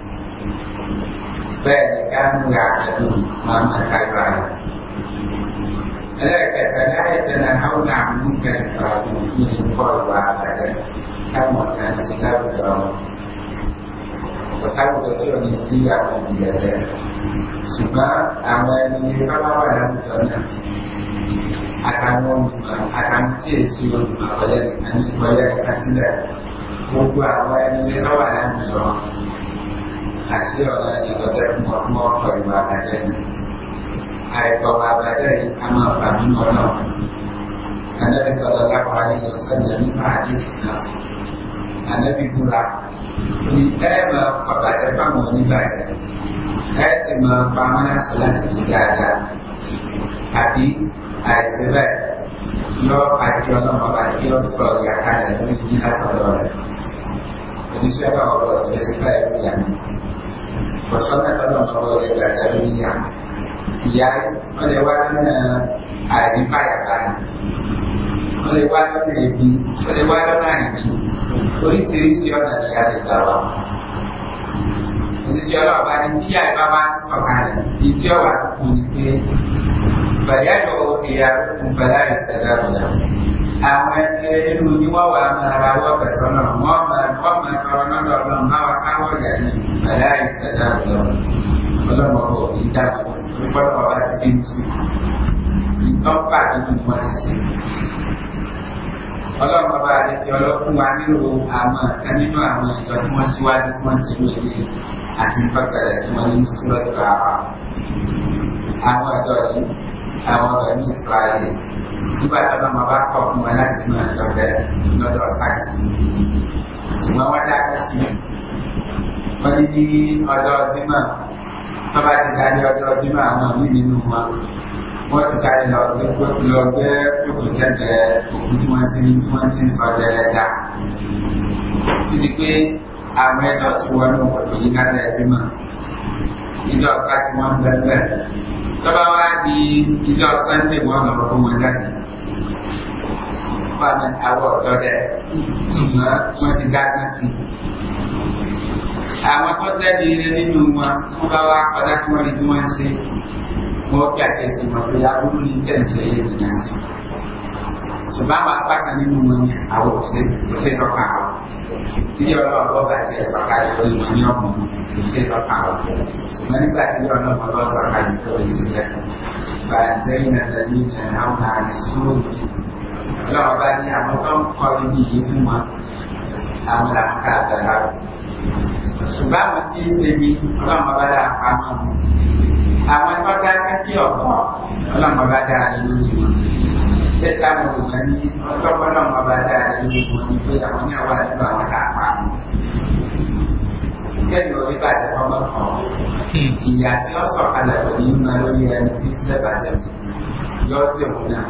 Pé da carne gata do Mama Caibai. Ela é que a galera já não há um nome nunca de fato, que não pode lá, mas é uma canção da Udão. O sábado eu tinha me sido a comida, certo? Sumar, a mãe me falava, não, não, não. akan akan tí èsì olùmọ̀ ọ̀yẹ́ nìkan ní ọ̀yẹ́ kan sílẹ̀ gbogbo àwọn ẹni lọ́wọ́ ẹni lọ àti ọ̀rọ̀ ẹni lọ́jọ́ fún ọdún ọ̀pọ̀ ìwà àbàjẹ́ ni àbí àìsí bẹ́ẹ̀ yọ àti ọlọ́mọ bá kí ọ sọ ìyàkálẹ̀ lórí yín látọ̀dọ̀ rẹ̀. Oníṣẹ́ bá ọ̀rọ̀ ṣẹ̀ṣẹ̀fẹ́ ẹ̀rú ìyá mi. Ọ̀ṣọ́ mẹ́ta náà lọ́wọ́ rẹ̀ gbàjẹ́ lórí ìyá. Ìyá wọ́n lè wá nínú àìríbáyàbáyà. Wọ́n lè wá lọ́nà ìbí, wọ́n lè wá lọ́nà ìbí. Oríṣiríṣi ọ̀nà ìyá lè gbà wá. Oníṣẹ́ ọlọ́ọ̀bá ni tí àìbá máa ń sọ̀kalẹ̀, فيدعو خياركم فلا يستجاب له àwọn ẹgbẹ́ nínú oníwàwà amára wọ́pẹ̀ sọ́nà wọ́n máa tọrọ lọ́dọ̀ ọlọ́run bá wa káwọ́ ìyá ní bàdá ìsẹ̀dá ọlọ́run ọlọ́run ọkọ̀ ìdáàbò nígbàdàn ọba ti dé ní sí ìtọ́pà nínú wọn ti sí. ọlọ́run ọba àti ọlọ́kùn wa nílò àwọn kan àwọn ìjọ tí wọ́n síwájú tí wọ́n ṣe lóye àti nípasẹ̀ rẹ̀ sí wọn nínú sílọ́tù àwọn ìjọ yìí àwọn ẹni israẹli nígbà tí wọn máa bá kọ fún wọn láti mú ẹjọ bẹ lọdọ sáàtì ṣùgbọn wọn dá kùsì wọn ní ní ọjọ jimá tó bá ti dá ní ọjọ jimá àwọn mí nínú wọn wọn ti sáré lọ gbé lọ gbé kótó sẹgbẹ òkú tí wọn ti ní tí wọn ti ń sọ dẹrẹjà títí pé àwọn ẹjọ tí wọn ní wọn kò yí lọ́bàwá di ìjọ sunday wọn lọ fún wọn jáde fún àwọn ọ̀dọ́ dẹ̀ ṣùgbọ́n wọ́n ti dágbọ́n sí i àwọn tó jáde nínú wọn wọ́n bá wá padà kí wọ́n rí tí wọ́n ń ṣe wọ́n kí àkẹ́sì wọn pé aburú ní tẹ̀sí ẹ̀yẹ́ ìdíjà sí i. ṣùgbọ́n àwọn apá kan nínú wọn ni àwọn òṣèlú òṣèlú lọ́kàn àwọn tí yọ lọ́wọ́ bọ́ bá ti sọ̀kalẹ̀ lórí wọn ní ọmọ òṣèlú lọ́kàn àwọn ṣùgbọ́n nígbà tí yọ lọ́wọ́ bọ́ sọ̀kalẹ̀ lórí ṣiṣẹ́ bàjẹ́yìn àdàlí ìlànà àìsúrò lọ́wọ́ bá ní àwọn tó ń kọrin ní ìlú wọn àwọn làwọn ká àgbàlá ṣùgbọ́n àwọn tí ń ṣe ní ọlọ́mọ bá dáa pamọ́ àwọn tó dáa kẹ́kẹ́ ọ̀pọ̀ ọlọ́mọ bá dáa lórí wọn iṣẹ́ táwọn olùkọ́ ní ọjọ́gbọ́n náà wọn bá dára ní gbogbo ní pé àwọn ní àwọn àdúrà wọn kà pa mí. Kẹ́mi orí bàjẹ́ wọn bá Ìyá tí wọ́n sọ kalẹ̀ kò ní máa lórí ẹni tí iṣẹ́ bàjẹ́ mi yọ jẹ̀ wọn náà.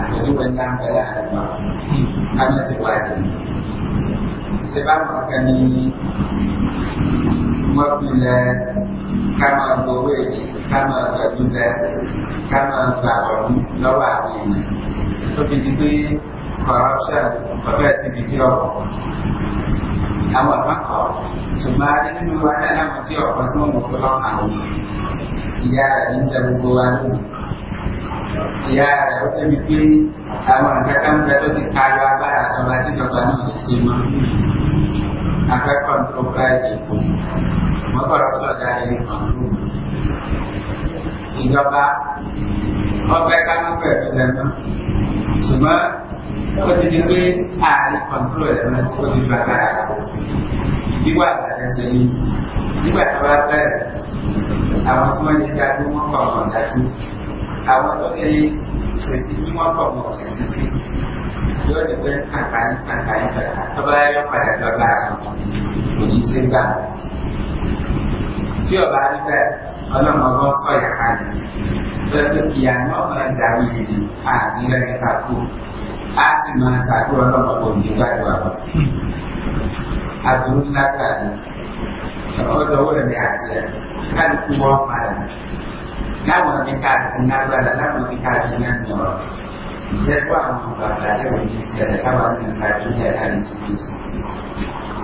Àtẹ̀lẹ́wẹ̀ ńlá ń bẹ̀rẹ̀ àdúrà Kámi ti bàjẹ́ mi. Ṣé bá wọn kàn ní wọ́n fi lẹ́ การวางตัวเวทการวางแบบดูแลการวางสารของระหว่างนี้ so basically corruption ประเภทสิ่งที่เราบอกทำหมดมากกว่าสมัยนี้มีวันนั้นมันที่ออกมาสมมุติเราทำยาดินจะบุกวันยาเราจะมีพี่ทำมันจะทำแต่ตัวที่ตายว่าบ้าทำอะไรที่เราทำมันจะเสียมัน akwai kwanto praji kuma ṣùgbọ́n sọ̀dá ẹni kwanto ìjọba ọbẹ̀ kánú pẹ̀lú lẹ́nu ṣùgbọ́n ó ti di pé ààrin kwanto rẹ̀ náà ó ti ju agbára wíwà àgbàdàn ṣe ní nígbà tó bá bẹ̀rẹ̀ àwọn tí wọ́n lè dá dúró mọ́kànlá dá dúró àwọn tó lè سیسیم وان کار نسیسیم دو دنبال کان کان کان هست. تبایلیم پدر تبایلیم پدی سیم دارم. تو وارد بود. الان مغازه ی خانه. وقتی آنها مانند جامی هستند، آن دیگر کافی است. ما سقوط را با کمبود کردیم. ادغام نکردیم. اول دو و نیاز دارم. Nada no pecar, sin nada, nada no pecar, sin nada, no. sai kuwa mu ba da sai wani sai da kama da ta duniya da an cikin su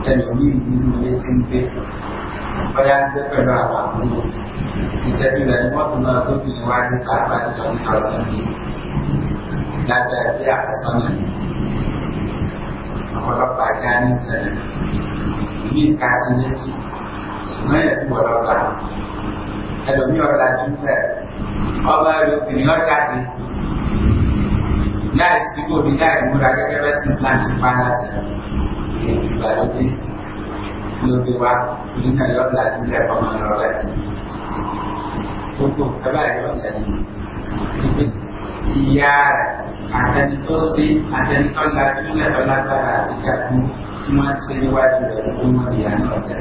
da domin mun ne sun fi bayan da ka ba wa mu sai da ni wato na so ni wa ni ka ba da mu ka san ni da ẹlòmí ọ̀la dúpẹ́ ọba ẹlòmí ọjà di láì sí bòmí láì múra gẹ́gẹ́ bẹ́ẹ̀ sí islam sí fáyà sí ìgbàlódé lóde wa oníkà yọ ọ̀la dúpẹ́ ọmọ ọ̀la gbogbo ẹ̀bá yọ ọ̀la dúpẹ́ ìyá rẹ̀ àtẹni tó sí àtẹni tó la dúpẹ́ ọ̀la gbára àti gàdú tí wọ́n ń ṣe níwájú rẹ̀ ìyá náà jẹ́.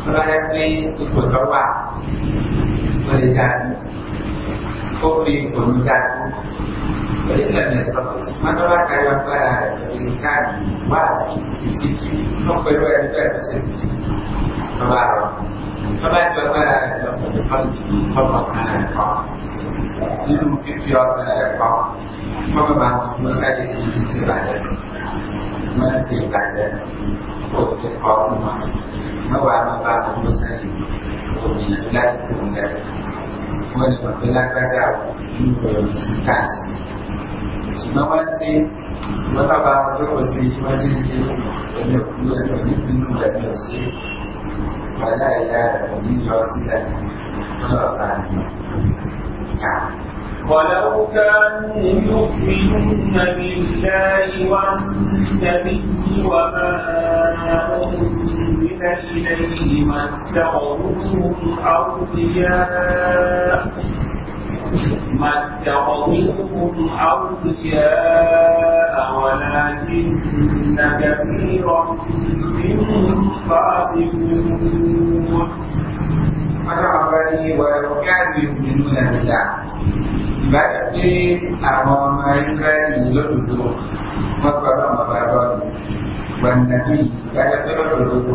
มีผกระหว่างบริการพวกมีผลการบริการเนี่ยสำคัญมันว่าการวางแบริการว่าสิ่งที่ต้องไปด้วยด้วยเศรษทกิจระหว่างระหว่างตัวแปราล้วผมจะทำความสำคัญก่อน你们必须要出来帮，慢慢慢，慢慢一点一点来着。慢慢来着，我这个靠谱吗？我玩那个不是，我应该是不弄来。我那个回来大家有有有感情，现在我玩些，我到家我就有事情，我今天有工作，我明天不弄来有事，大家大家有事的，不要删。ولو كانوا يؤمنون بالله والنبي وما أنزل إليه ما اتخذوهم أولياء ما اتخذوهم أولياء ولكن كثيرا منهم فاسقون ولو به ولو كانوا يؤمنون بالله ìbáyọ̀ pé àwọn ọmọ ìsírẹ́lì lódodo wọ́n sọ ọlọ́mọba lọ́dún gbọ̀ǹdàbí ìbáyọ̀ pé lódodo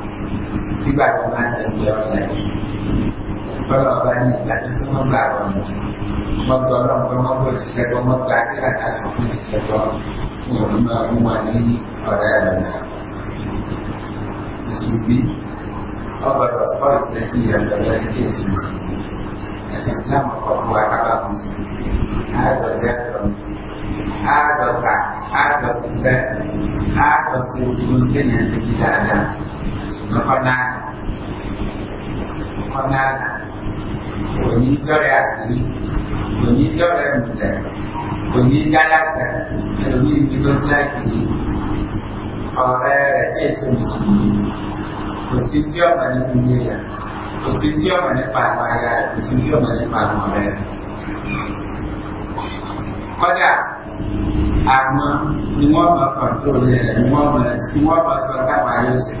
kiváló házszerűjáratás. Valóban látjuk a magában. Maga a rangom, ahol hiszek a magát, jelentászok, nem hiszek a umani a ellenálló. Isso vi, agora as falas desse livro da Letícia Isso. Essa escama com a acabamos. Haja Zefron, haja Zá, haja Sisé, haja Seu, que não tem essa vida, นครนาครนาคนนี้เจ้าแรกสิคนนี้เจ้าแรกมุดแรกคนนี้เจ้าแรกสักคนนี้มีตัวสลายคนนี้ขอแรกเจ้าสมุสมีคนสิ่งเจ้ามันมีเยอะคนสิ่งเจ้ามันป่ามายาคนสิ่งเจ้ามันป่าหมอแรกก็จะ àmọ́ ni wọ́n máa pàtó rẹ̀ ni wọ́n máa sọ káwọn ayọ́sẹ̀.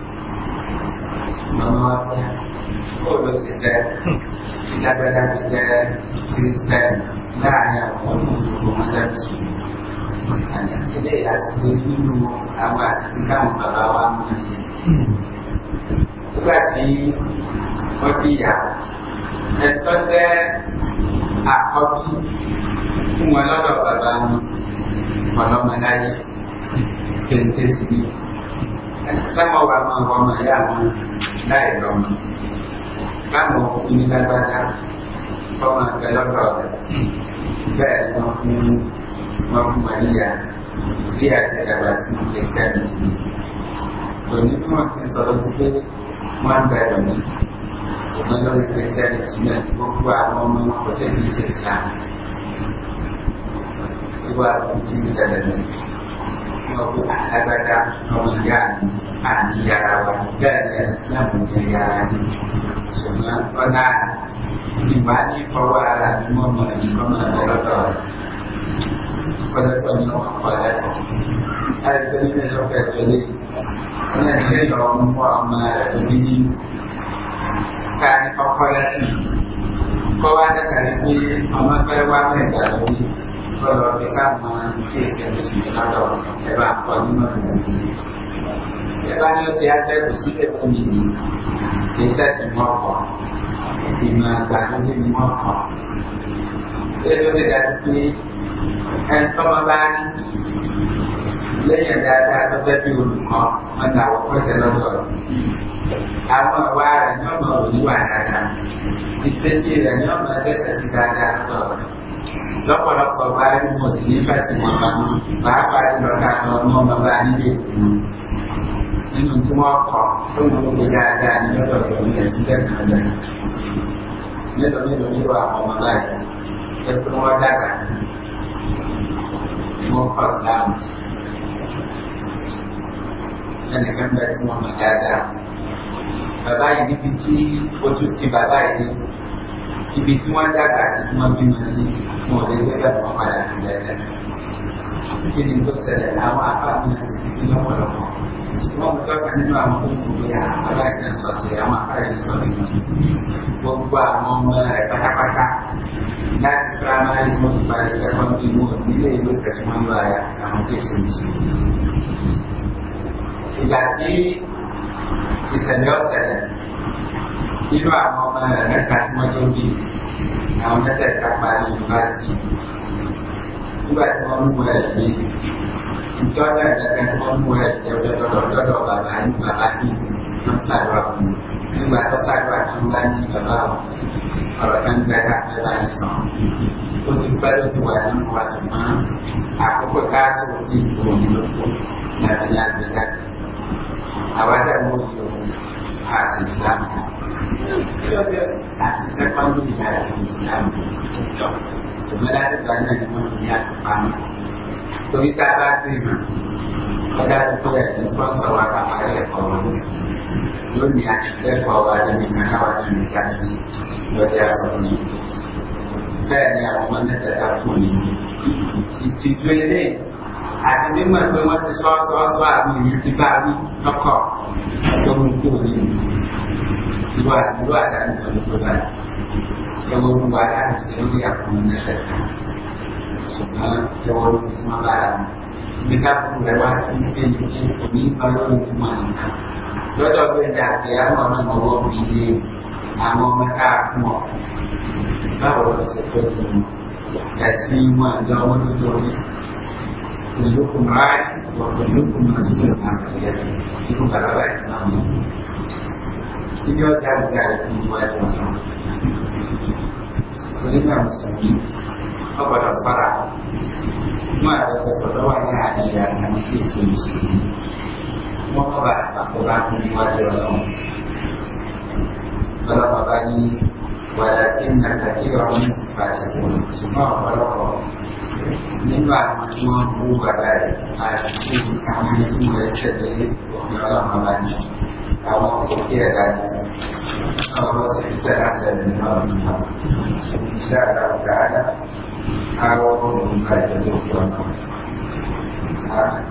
mama kóòdù sì jẹ ìdájọ́dá fi jẹ kírísítẹ́n láàrin àwọn olùdókòwò mọ́tà tù ilé àṣìṣe nínú àwọn àṣìṣe káwọn bàbá wa ń mú sí nígbà tí wọ́n fi yà ẹ̀tọ́ jẹ́ àkọ́bí fún wọn lọ́dọ̀ bàbá wọn ọlọ́mọláyé kẹ̀ǹtẹ́sì sama mau wama yahu nairom kamu ini katanya wama galorot bẹ́ẹ̀ ni wọ́n mau wọn fún wọn níyà bí àṣẹdàgbà sí di sini. ní òní bí wọ́n ti sọ̀rọ̀ ti pé wọ́n ń bẹ̀rẹ̀ mí ṣùgbọ́n lórí kristiani ti náà gbogbo àwọn ọmọ kò sí رحمه أهبك رميان أعني وكان يسلم جيان ثم فنعم إيماني فهو على مما كما ضرب ولكن وقالت أرسلنا لك الجليل أنا يدعو وأما تبني كان فقالت kọ́ wá dákàrí pé ọmọ ẹgbẹ́ wá mẹ́ta lórí ก็เราไปสร้างมาที่เซียนสีแล้วก็แต่ว่าตอนนี้มันแต่น่้เราจะใช้ผู้สิ่งที่เป็นดีที่ใช้สิ่งมากกว่าที่มาการที่มีมากกว่าเรื่องสิ่งที่แอนทระมานเรื่องอย่างใดแต่จะอยู่ของมันเราก็จแลงวั็ถามว่าว่าเราไมันอยว่านะไรนะทีสเซซีเรองม่ได้ศึกษากานตัว lọ́pọ̀lọpọ̀ bá rí mo sì ní fẹ̀sìn wọn bá wọn máa parí lọ́ka àwọn ọmọ bàbá nílé nínú tí wọ́n kọ̀ fún gbogbo dáadáa ní lọ́dọ̀ tó ń lẹ̀ sí tẹ̀sán ọjà mélòó mélòó nílò àwọn ọmọ báyìí ẹ pé wọ́n dàgbà wọ́n kọ̀ síláàmù ẹnìkan bẹ́ẹ̀ tí wọ́n mọ̀ dáadáa bàbá yìí níbi tí ojú ti bàbá yìí ibi tí wọ́n dàgbà sí tí wọ́n bímọ sí wọn ò lè gbẹ́dọ̀ wọn padà ní dáadáa. Kí ni tó ṣẹlẹ̀ àwọn apáàmì sì sí sí lọ́pọ̀lọpọ̀? Wọ́n mú tọ́ka nínú àwọn ohun bí abáyé sọ̀tì àwọn apáyé sọ̀tì wọn. Gbogbo àwọn ọmọ rẹ̀ pátápátá láti primary mo ti parí secondary mo ìlú kẹ̀tùmọ́ lọ́ra àwọn tí èsì Islam saya Itu apa mana kan semua jombi Kamu saya kapal Juga semua mulai ini Contohnya adalah semua mulai Jodoh-jodoh bapak ini bapak ini Masalah kan Aku banyak However, most of us Islam that is second device Islam. So whether the Ghana is not near to family. So we can have agreement. Whether the poet is sponsor work of Ariel for Don't be actually forward and in another one and catch me. What they are some needs. Then are one that It's a àti mímọ̀ pé wọ́n ti sọ́ sọ́ sọ́ àbí èyí ti bá rí lọ́kọ̀ tó mú kó ní ìlú àdúgbò àdáni pẹ̀lú pé báyìí ẹwọ́ mú wa láti ṣe lórí àkùnrin náà lẹ́ka ṣùgbọ́n jọwọ́ ló fi tí wọ́n bá rà mí ní káàkiri rẹ̀ wá sí ṣe ní kí omi ìgbà lórí tí wọ́n ní ká lọ́dọ̀ pé dàbí àwọn ọmọ náà wọ́n fi dé àwọn ọmọ káàkiri wọn báwo ló ṣe fẹ́ kí wọ́n yà wọn àjọ wọn tó tó rí كلكم راع وكلكم مسؤول عن رعيته itu kalau Tiga gagal dibuat orang Kelima muslim Kepada seorang Maka sebuah yang ada yang sisi muslim Maka bahkan dibuat orang Berapa bagi Walakin ada Semua berapa من بعد ما هو بعد بعد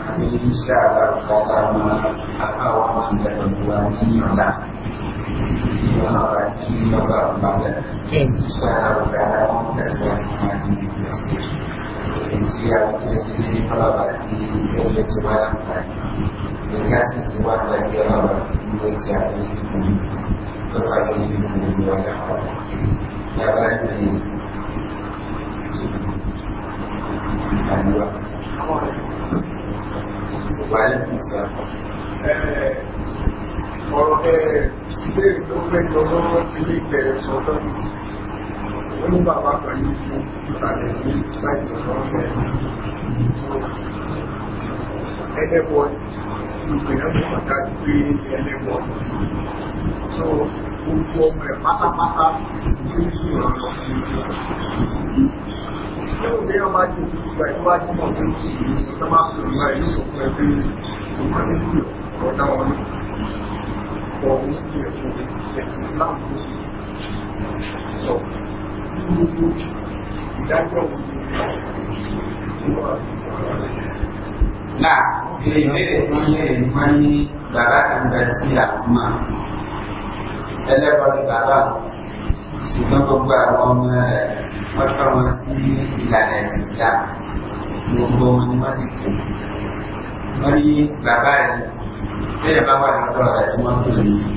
kami insya Allah akan apa orang yang berdua ini orang orang ini orang orang insya Allah èsì àwọn tí ó sì ní ní fọlọ́bà kí ó lè ṣe wá láǹfààní èyí á sì ṣe wá láǹfààní ọlọ́bà kí ó ṣe àlejò fún mi ó ṣàlejò fún mi ọjà kan yàrá ìpè àdúrà wàhálà ìsà. ọ̀rọ̀ bẹ́ẹ̀ ilé ìgbọ́gbẹ́ ìjọba wọn fi lè bẹ̀rẹ̀ sọ́tọ́ nìyí onígbà wà pẹ̀lú ìsàlẹ̀ ní sáìtì ọ̀fẹ́ ẹlẹ́bọ̀ ìpìlẹ̀sùn ọ̀dá gbé ẹlẹ́bọ̀ so gbogbo ọmọ ẹ̀ pátápátá ní ìrọ̀lọ́ yóò ní ọba jù ìgbà ìwájú mọ̀ tó ti ìjọba máa fi ìgbà ìlú ọ̀pọ̀ ẹgbẹ́ ìgbà tí kò ọ̀dá wọn ní ọ̀hún ti ẹ̀kọ́ ìdájọ́ náà ilé ìbéèrè tí wọ́n lè wọ́n ní bàbá kan bẹ sí àkúmà ẹlẹ́kọ̀ọ́ ni bàbá ṣùgbọ́n gbogbo àwọn ọmọ rẹ̀ wọ́n tọ́ wọn sí ìlànà ẹ̀sìn Islam gbogbo wọn ni wọ́n sì kú wọ́n ní bàbá rẹ̀ bẹ́ẹ̀ bá wà lọ́dọ̀ rẹ̀ tí wọ́n tó yìí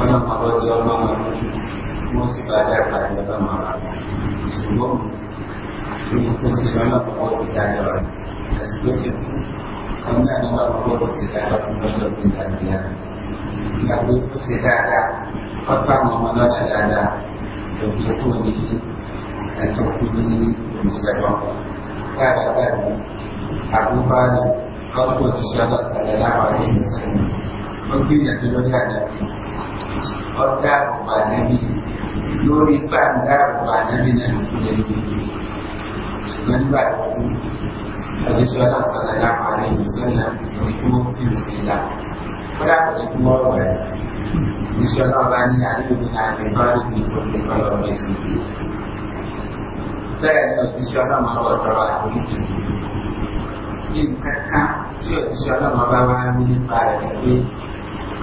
wannan farajiyar mamaye kuma su ba da ƙarfi da mara su gom tuni ko su rana karena ita da wani da su ko su kan na nuna kawo ko su mana da da da da ke ko ni da ta kuni musulman ta da ta ne abubuwa ne kawo ko su shaga sallallahu ọjà ọ̀pá níbi lórí gbàǹdà orang níbi náà ló kúlẹ̀ níbi ṣùgbọ́n nígbà tó kú ọjọ́sọ́ náà sọ̀rọ̀ lápá ní ìṣẹ́lẹ̀ ìkú fíìmù sí ìlà kódà kò ní kú orang rẹ̀ ìṣọ́ náà bá ní àdúgbò náà ní báyìí ní ìkọ̀kọ̀ lọ́wọ́ ẹ̀sìn bẹ́ẹ̀ ni òjíṣẹ́ ọlọ́mọ bọ̀ tọrọ àforíjì ní nǹkan kan tí òjíṣẹ́ ọlọ́mọ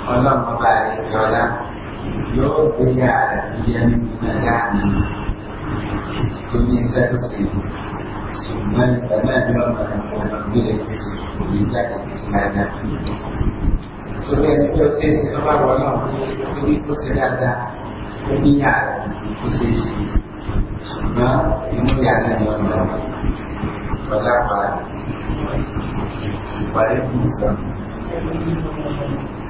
Allah ọba àdéjọ́lá yóò gbéra rẹ̀ yẹ nínú ẹ̀dá mi tó ní iṣẹ́ tó ṣe ṣùgbọ́n ìgbàgbọ́ ẹ̀mí ọmọ ẹ̀kọ́ ọmọ ìgbé ẹ̀kọ́ sí òye jáde títí dáadáa. Sórí ẹni pé ó ṣe é ṣe lọ́wọ́ àwọn ọlọ́run tó ní kó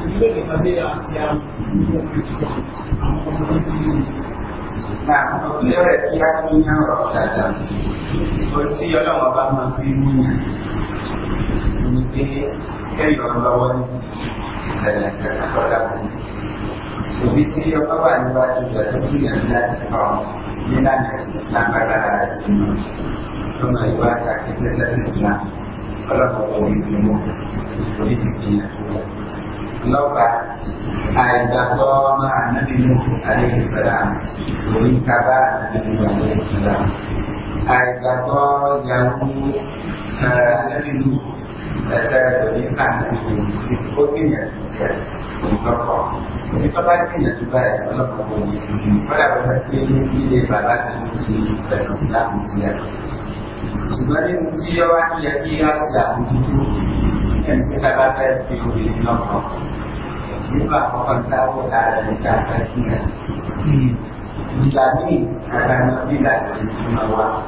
Nah, beliau rẹ̀ kí á ní ìyá ọ̀rọ̀ dáadáa. Orí tí ọlọ́wọ́ bá máa fi mú yàn ní pé kẹ́yọ̀ lọ́wọ́ ní ìṣẹ̀lẹ̀ kẹ́kọ̀ọ́ dáadáa. Òbí tí ọba wà níwájú rẹ̀ tó gbìyànjú láti kọ́ nílànà ẹ̀sìn Islam bá dára ẹ̀sìn Laufat Al-Bahwa Nabi Nuh alaihi salam Beri kabar Nabi Nuh alaihi salam Al-Bahwa Yahu Nabi Nuh saya berikan ikutinya juga untuk kita pastinya juga ya kalau kamu pada berarti ini balas di Islam Islam sebenarnya usia wajib ya Islam kita baca di Nokok ini melakukan tahu ada di kata dinas Dilani karena dinas di Sumawa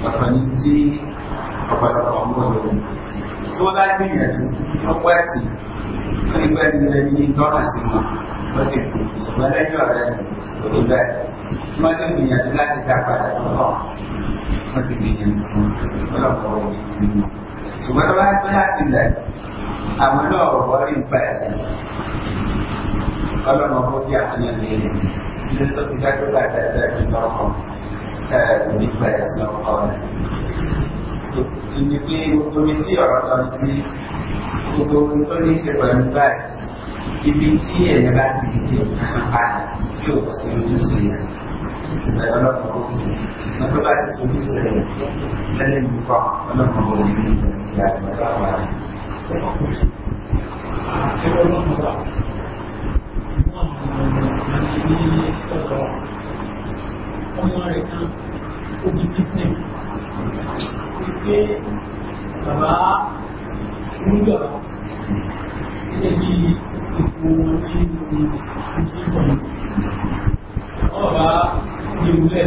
Berpenisi kepada Pemulung Tuhan ini ya, operasi Kalibat dari intonasi Masih sebenarnya itu ada Berubah Masih punya kita pada Masih punya Kalau ṣùgbọ́n tó bá ń pín láti ilẹ̀ àwọn náà wọ́n rí nípa ẹ̀sìn ọlọ́mọ kó bí àwọn ilé rẹ̀ ilé tó ti dájú bá dájú ẹ̀kí lọ́kọ̀ ẹ̀rù nípa ẹ̀sìn ọkọ rẹ̀. Ìní pé omi tí ọ̀rọ̀ lọ sí gbogbo ohun tó ní ṣe pẹ̀lú báyìí ibi tí ẹ̀yẹ bá ti dìde àpá tí ò sí ojú sí yẹn. daga nan faru na kuɗa da su yi sai na ne mu kwa wannan faru ne ya yi da ba ne ọmọ rẹ̀ kan ojú bísí wípé bàbá nígbà gẹ́gẹ́ bí ipò wọn nínú ìjọba wọ́n bá di ilẹ̀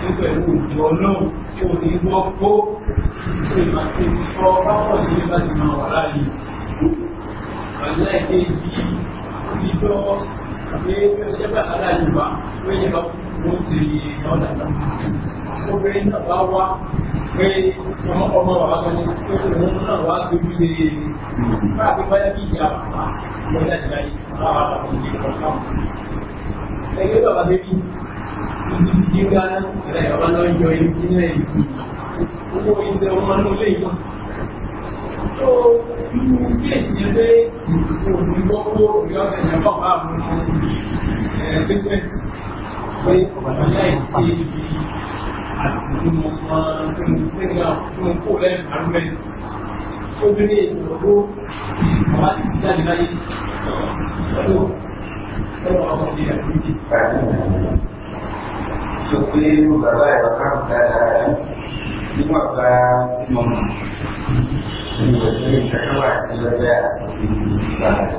ní pẹ̀lú òjò ọlọ́run tí ò ní gbọ́ pó ṣe máa ṣe sọ pápọ̀ sí ní láti máa wà láàyè aláìké bí ìjọ pé ẹgbẹ́ aláàyè wa pé ẹgbẹ́ ó ti ọ̀dà náà obìnrin náà bá wá pé ọmọ ọmọ bàbá kan ní pé òun náà wá sí ojúṣe káàkiri báyìí ìyá bàbá lọ́jà ìgbà yìí bàbá bàbá ìyẹn kọ̀ọ̀kan ẹgbẹ́ bàbá tó kí ibi ti dé ká ẹ̀rẹ́ bàbá lọ yọ ilé kí nílẹ̀ ìlú owó iṣẹ́ ọmọ náà lè yọ tó irú kéèsì ẹgbẹ́ òun gbọ́gbọ́ ìyọ́sẹ̀ ìyàbọ̀ bá àwọn ẹgbẹ́gbẹ́tì pé ọ̀bàdàlá ìṣe ibi àsìkò tí mo máa tí mo tẹ́gbà tí mo kó lẹ́nu àrúmẹ́tì é Supreme berapa ya orang keadaan Cuma orang Imam Ini terkeluar sebagai Bahas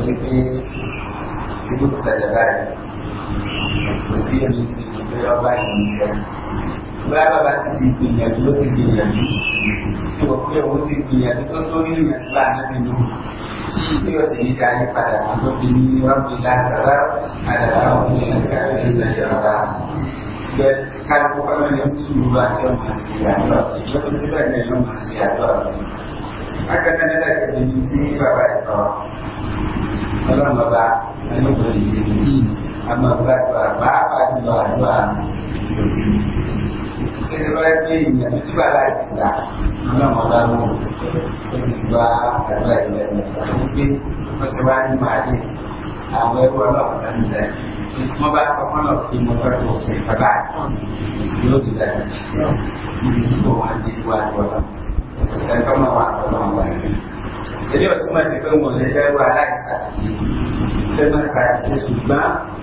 Jadi Ibu saya baik Meski yang Berapa yang báyà bàbá sì ti gbìyànjú ló ti gbìyànjú tí wọ́n pé òun ti gbìyànjú tó tó nínú ìyànjú láàánú nínú tí tí ó sì ní darí padà wọn tó fi ní rọ́bì látara àdàlà òun ní ẹ̀ka ìlú ìjọba bẹ kálukú kọ́mọ́ ní túbú bá tí ó máa ṣe àdúrà lọ́kùn tí bẹ́ẹ̀ ni yóò máa ṣe àdúrà akẹ́kẹ́ nílẹ̀ kejì ní tí bàbá ìtọ́ ọlọ́run bàbá ẹni kò lè ṣe àmọ́ bàbá àdúrà àdúrà ṣe bá gbé ìyẹn tí bá láti gbà ọlọ́mọ bá mú ẹni tí bá àgbà ìlẹ̀ ìlú pé wọ́n ṣe wá ní màálì àwọn ẹgbẹ́ ọlọ́mọ bá ń bẹ̀ wọ́n bá sọ fọ́nà kí mo fẹ́ kó ṣe bàbá yóò di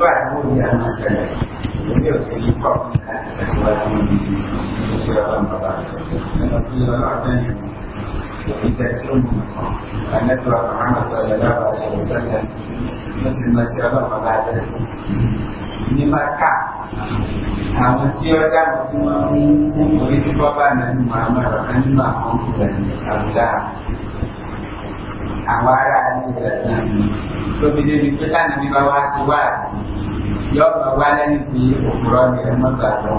بعد أن سلم لم يرسل قبل أزواجه سوى القضاء وفي تأثير أن ندعو محمد صلى الله عليه وسلم مثل ما سبق بعد ní maka àwọn tí ó dáàbò tí wọ́n ń mú orí fífọ́ bá nàánú màmá rẹ̀ nínú àwọn ọkùnrin àbúlá awara ni thelathini di vilivipitana semua wawasiwasi yomba wala ni kuyi okurondera magano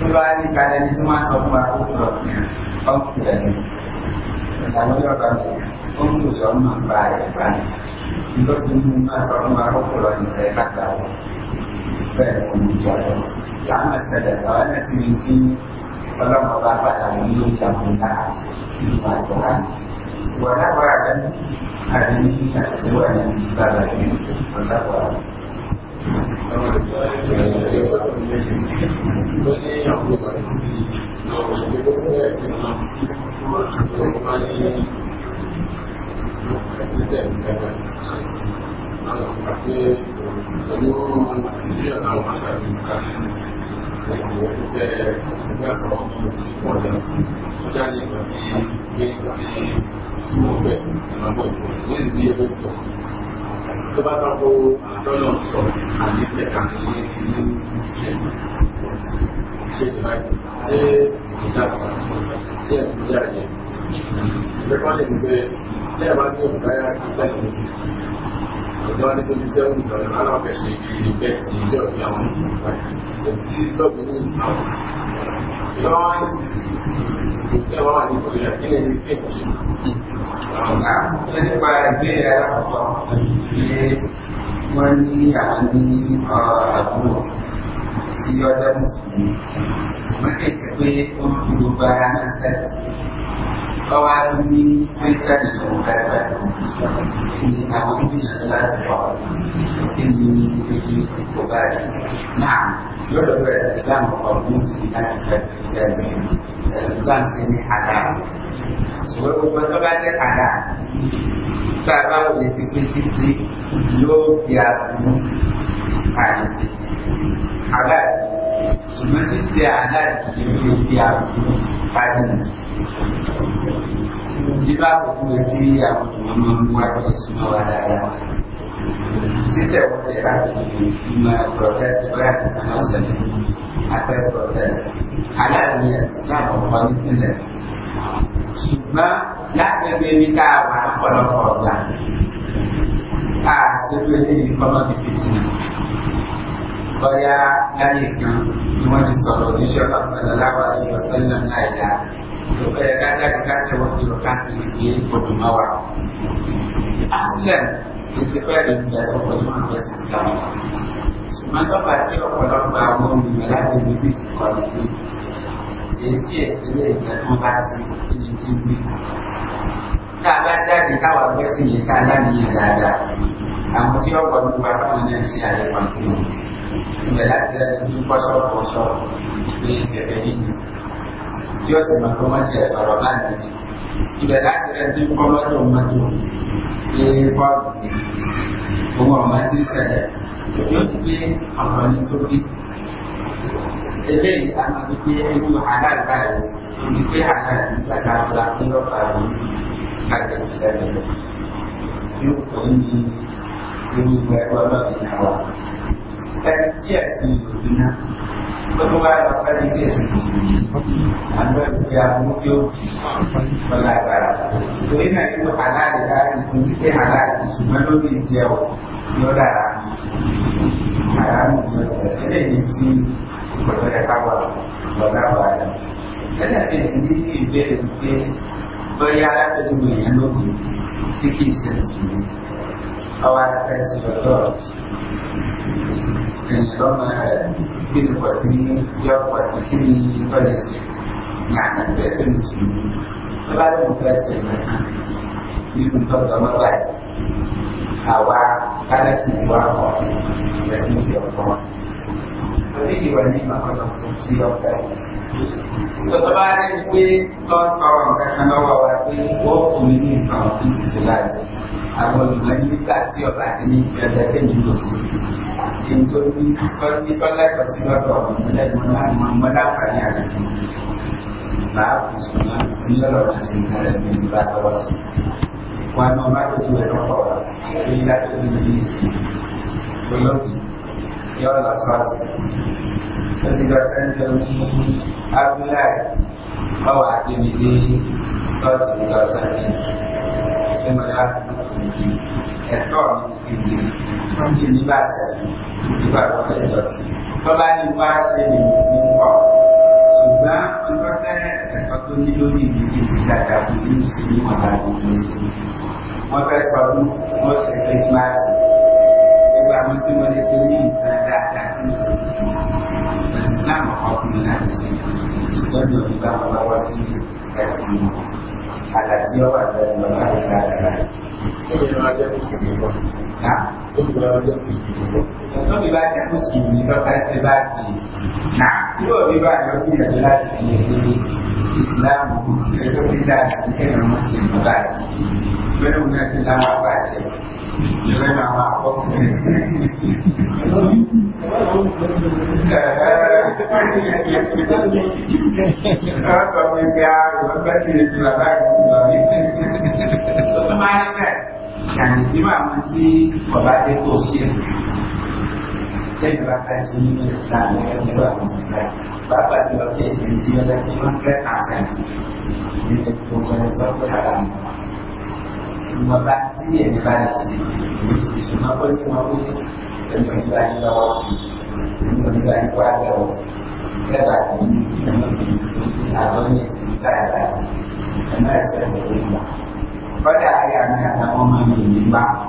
kulwanikala ni simasokumara ukurondera omukirani semua semua omumambarebana ndotimumasokumara ukurondera kagabo bẹẹmọmujọlọ làwọn ṣẹlẹ̀ àwọn ẹsìn tí kalau padà ní ìjàmbá nípa ìjọba nìyí warna-warna dan animitas sebuah yang sebagainya bertakwa Kalau pakai, kalau ìwọ̀n fífẹ́ ẹgbẹ́ àwọn ọmọ ìṣúná ọ̀dà tó jáde ìgbà tí gbé ìgbà tí tí wọ́n fẹ́ ìrànwọ́ ìwọ̀n ní ìdí ẹgbẹ́ tó tó bá tako lọ́nà sọ àti ìfẹ́ka ní ìlú ṣe ṣe ìbáyìí ṣé ìjà ṣe ìjà yẹn. Ìfẹ́kọ́ lè ní pé tí ẹ bá ní ọ̀gá yára kí sẹ́yìn ìjọba ní tóbi sẹ́wọ̀n ìtọ́jú aláwọ̀ ṣe ilé bẹ́ẹ̀ sí ilé ọ̀gbìn àwọn tí lọ́ọ̀bù ní ìsàwọn. ìjọba wá ní kò tẹ́ wá wà ní ìkọ̀lẹ́ rẹ̀ kí lè ní pé kò ṣe. ọ̀gá ṣe nípa ìbéèrè alákọ̀ọ́ ṣe wọ́n ní àwọn ní àdúrà sí ọjọ́ mùsùlùmí ṣùgbọ́n kì í ṣe pé ó ń fi gbogbo ara náà ก็ว่ามีไม่สนิทของแต่แต่ที่ทำให้ที่นั่นสลายสปอร์ตที่มีมีมีตัวแบบนานยอดเวสอิสลามของมุสลิมที่เป็นคริสเตียนอิสลามสิ่งนี้ฮาลาลส่วนอุปกรณ์ที่ฮาลาลแต่ว่าสิ่งที่สิ่งที่โลกยาบุญผ่านสิ่ง halal ṣùgbọ́n ṣíṣe halal di ìfi àbùkù bájínẹ̀sì nígbà àkókò tí àwọn ènìyàn máa ń wá ní ìsúná wa dáadáa halal ni ẹ̀sìn náà ọ̀pọ̀ nípìnlẹ̀ ṣùgbọ́n lágbègbè ní ká ah lọ́pọ̀lọpọ̀ di kalau di bọ́yá láyé kan ni wọ́n ti sọ̀rọ̀ tí ṣe ọ̀pá sàláláwà àti ọ̀sẹ́lẹ̀ láìdá tó fẹ́ kájáde káṣẹ́ wọ́n fi ọ̀ká kiri ní òdùmáwà. asílẹ̀ ìsìnkú ẹ̀rí ìgbà tó pọ̀ tó fẹ́ sí islam ṣùgbọ́n tọ́pà tí ọ̀pọ̀lọpọ̀ àwọn olùmọ̀ láti ibi bí kọ̀ ní èyí tí ẹ̀sìn lè jẹ́ tó bá sí kí ni tí gbé. tá a bá jáde káwa gbẹ́sìn yìí ká láníyàn dáadáa àwọn tí ọ̀pọ̀lọpọ̀ àwọn náà ṣe àyẹ̀wò àti ìwọ̀n ìgbẹ̀ láti rẹ̀ tí ń a ṣọ́pọ̀ pé ìfẹ̀fẹ̀ nínú tí ó sì mọ̀ a wọ́n ti ẹ̀ sọ̀rọ̀ láàrin ní ìgbẹ̀ láti rẹ̀ tí ń kọ́ mọ́tò mọ́tò pé bọ́ọ̀lù ní ohun ọ̀mọ́ tí ń ṣẹlẹ̀ tó yóò ti gbé àǹfààní tó bí eléyìí a máa fi gbé irú aláàbá rẹ̀ tó ti gbé aláàbá ìgbàgbà fúlà ní lọ́fà yìí láti ṣẹlẹ̀ yóò pọ̀ ní irú ẹgbẹ́ ọlọ́ọ̀dẹ̀ náà wà ẹni tí ẹ̀sìn ìròyìn náà tó tó bá yọ ọpẹ́ ní ilé ìsìn ìsìn àjọ ìgbé àwọn tí ó lọ́la agbára torí náà nínú aláàlè láti tún ti pé aláàlè ìṣùgbọ́n lórí ìdí ẹ̀wọ̀ lọ́dà àràmù ìyọ̀tẹ̀ eléyìí tí ìgbọ̀dọ̀ ẹ̀ka wà lọ́dà wà lọ. lẹ́yìn àti ìsìn ní ìbéèrè wípé لما كده وزنين يقوى سكني يفرس معنى تأثير المسلمين فبعد ما تأثير المكان يكون فضل مرضى هواء فلس مواقع يسير يقوى فبيدي وليما فضل سمسي يقوى sọtọba rẹ ni pé tọ́tọ̀rọ̀ nǹkan kan lọ́wọ́ wa pé wọ́n fún mi ní nǹkan ọ̀tún ìṣẹ̀lẹ̀ àgbẹ̀ àwọn olùmọ̀ nígbà tí ọba ti ní ìfẹ́ ẹ̀dẹ́gbẹ́ yìí lò sí ẹni tó ní nípa lẹ́kọ̀ọ́ sí lọ́dọ̀ ọ̀mọdé àǹfààní àdìgbò láàbù ṣùgbọ́n onílọ́lọ́ ti ṣe nǹkan rẹ̀ ní ìgbà lọ́wọ́ sí wọn ni wọn bá olóògbé yọ lọ sọ́ọ̀sì ó ti lọ sẹ́ńtẹ̀ ní abúlé ọwọ́ àdébídé lọ́sì lọ́sàkín sistema gráfico retorna não tem nem acesso e vai fazer assim falar em passe em qual sudah tempatnya tempat itu di di sekitar di sini ada di sini maka suatu masa Christmas kita mesti di sini ada ada di sini masih sama kalau di sini sudah dibuka bahwa sini kasih àgbà tí ó wà lẹ́nu ọmọ àyíká àgbà. Ìjọba ọjọ́ ìkìlì bọ̀. Ìjọba ọjọ́ ìkìlì bọ̀. Tóbi bá jẹ́ kó sì ní bá bá ṣe bá kì í. Nà yóò rí bá yọ bí ẹ̀jọ́ láti fi lè fi ìsìláàmù ẹjọ́ pídà àti kẹ́nà mọ́sìn bàbá rẹ̀. Bẹ́ẹ̀ ni wọ́n ti láwọn àgbà àṣẹ. อยู่ในนาราก็แต่ไม่ได้เรียนคือต้องมีถ้าต้องมียาหรือว่าชีวิตเราได้เลยสมัยนั้นอย่างที่ว่ามันที่ขอบาดเจ็บตัวเสีย tembra atrás de mim está Bapak juga saya sendiri dan iman kita asal. Ini pun kalau saya berharap. uma praxia de várias exercícios. Uma coisa que não tem uma linguagem da OSCE, uma linguagem quadrão, verdade, a dona verdade. É mais coisa que não dá. Pada hari anak sama mami di bawah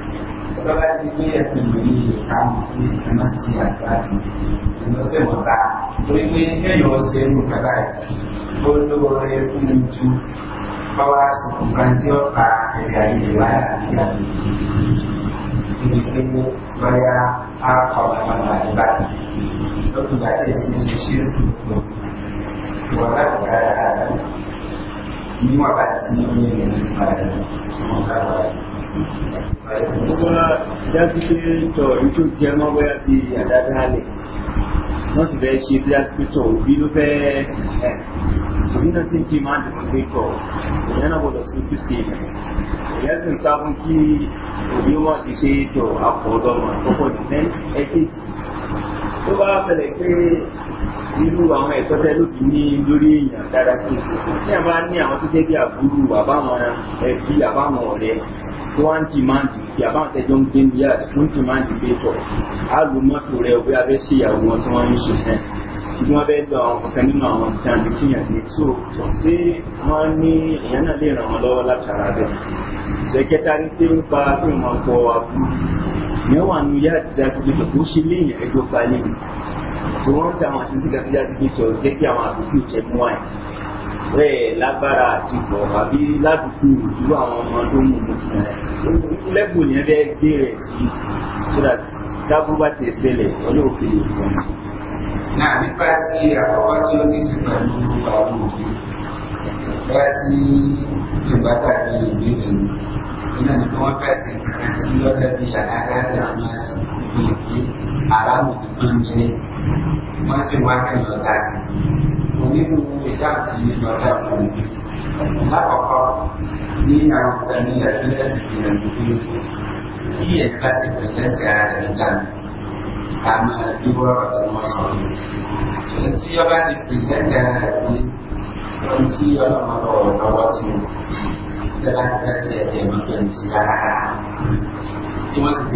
trabalho de que assim, ele está na cidade, não se mudar. Por isso, ele não se mudar. Por isso, ele é muito palácio com cantinho para ele aí lá e ele vai a a cola para lá vai então tu vai ter esse sentido tu vai lá para lá e uma parte não para lá sọ́ra jáde pé tọ̀ ìjọ jẹ́ mọ́ bóyá wọ́n sì fẹ́ ṣe bí aspítọ̀ òbí ló fẹ́ ẹ̀ òbí náà sì ń kí máa dùn pé tọ̀ ìyá náà gbọ́dọ̀ sí ojúṣe rẹ̀ ìyá sì ń sá fún kí òbí wọ́n ti pé tọ̀ àfọ̀ọ́dọ́mọ àkọ́kọ́ ní ten tó bá ṣẹlẹ̀ pé irú àwọn ẹ̀tọ́ tẹ́ ló fi ní lórí èèyàn dára kí n sì tí a tí wọ́n ń dìmáàdì pé àbáwọn tẹ́jọ́ ń gbé níyà tí wọ́n ń dìmáàdì pé tọ̀ á lo mọ́tò rẹ̀ òbí abẹ́ sí ìyàwó wọn tí wọ́n ń ṣe náà tí wọ́n bẹ́ẹ̀ lọ àwọn kankan nínú àwọn nǹkan àbí kíyàn se tó ṣé wọ́n ní èèyàn náà lè ràn wọ́n lọ́wọ́ látara bẹ́ẹ̀. ìṣẹ́kẹta rí pé ń pa pé wọ́n kọ àbúrò ìyẹn wà nù yá àti dájú pé kò ṣe léèyàn ẹjọ́ balẹ̀ ni. tí wọ́n ń ta àwọn àṣìṣe kàkíyà ti gbé tọ̀ jẹ́ kí àwọn àbúrò jẹ́ mú wáyé bẹ́ẹ̀ lágbára àti ìjọba bí ládùúgbò ìlú àwọn ọmọ tó mú un lẹ́bùn yẹn bẹ́ẹ̀ gbé rẹ̀ sí so that dábò bá ti ṣẹlẹ̀ ọjọ́ òfin lè fún un. náà nípa ti àkọ́kọ́ tí ó ní sí pẹ̀lú àwọn òbí bá ti yorùbá tàbí ìbéèrè mi iná ni wọ́n fẹ́ sí kankan tí lọ́dẹ bí àdáyàdá máa sì fi ìpín àrámù nìkan nílé wọ́n sì wá kẹ́lọ́ nínú ìdáàtì ìjọba ìjọba lákọ̀ọ́kọ́ ní àwọn ọ̀gbẹ́ni ẹ̀fílẹ̀ sì fi hàn wípé kí ẹ̀ka sì pẹ̀sẹ̀ntì ara rẹ̀ nígbàmí ká máa dúró ọ̀rọ̀ tí wọ́n sọ yìí. ṣùgbọ́n tí ọba ti pẹ̀sẹ̀ntì ara rẹ̀ pé sih? tí ọlọ́mọ lọ́wọ́ lọ́wọ́ sí i ìjọba ti fẹ́ sí ẹ̀jẹ̀ ìmọ̀tò ní ti rárá tí wọ́n sì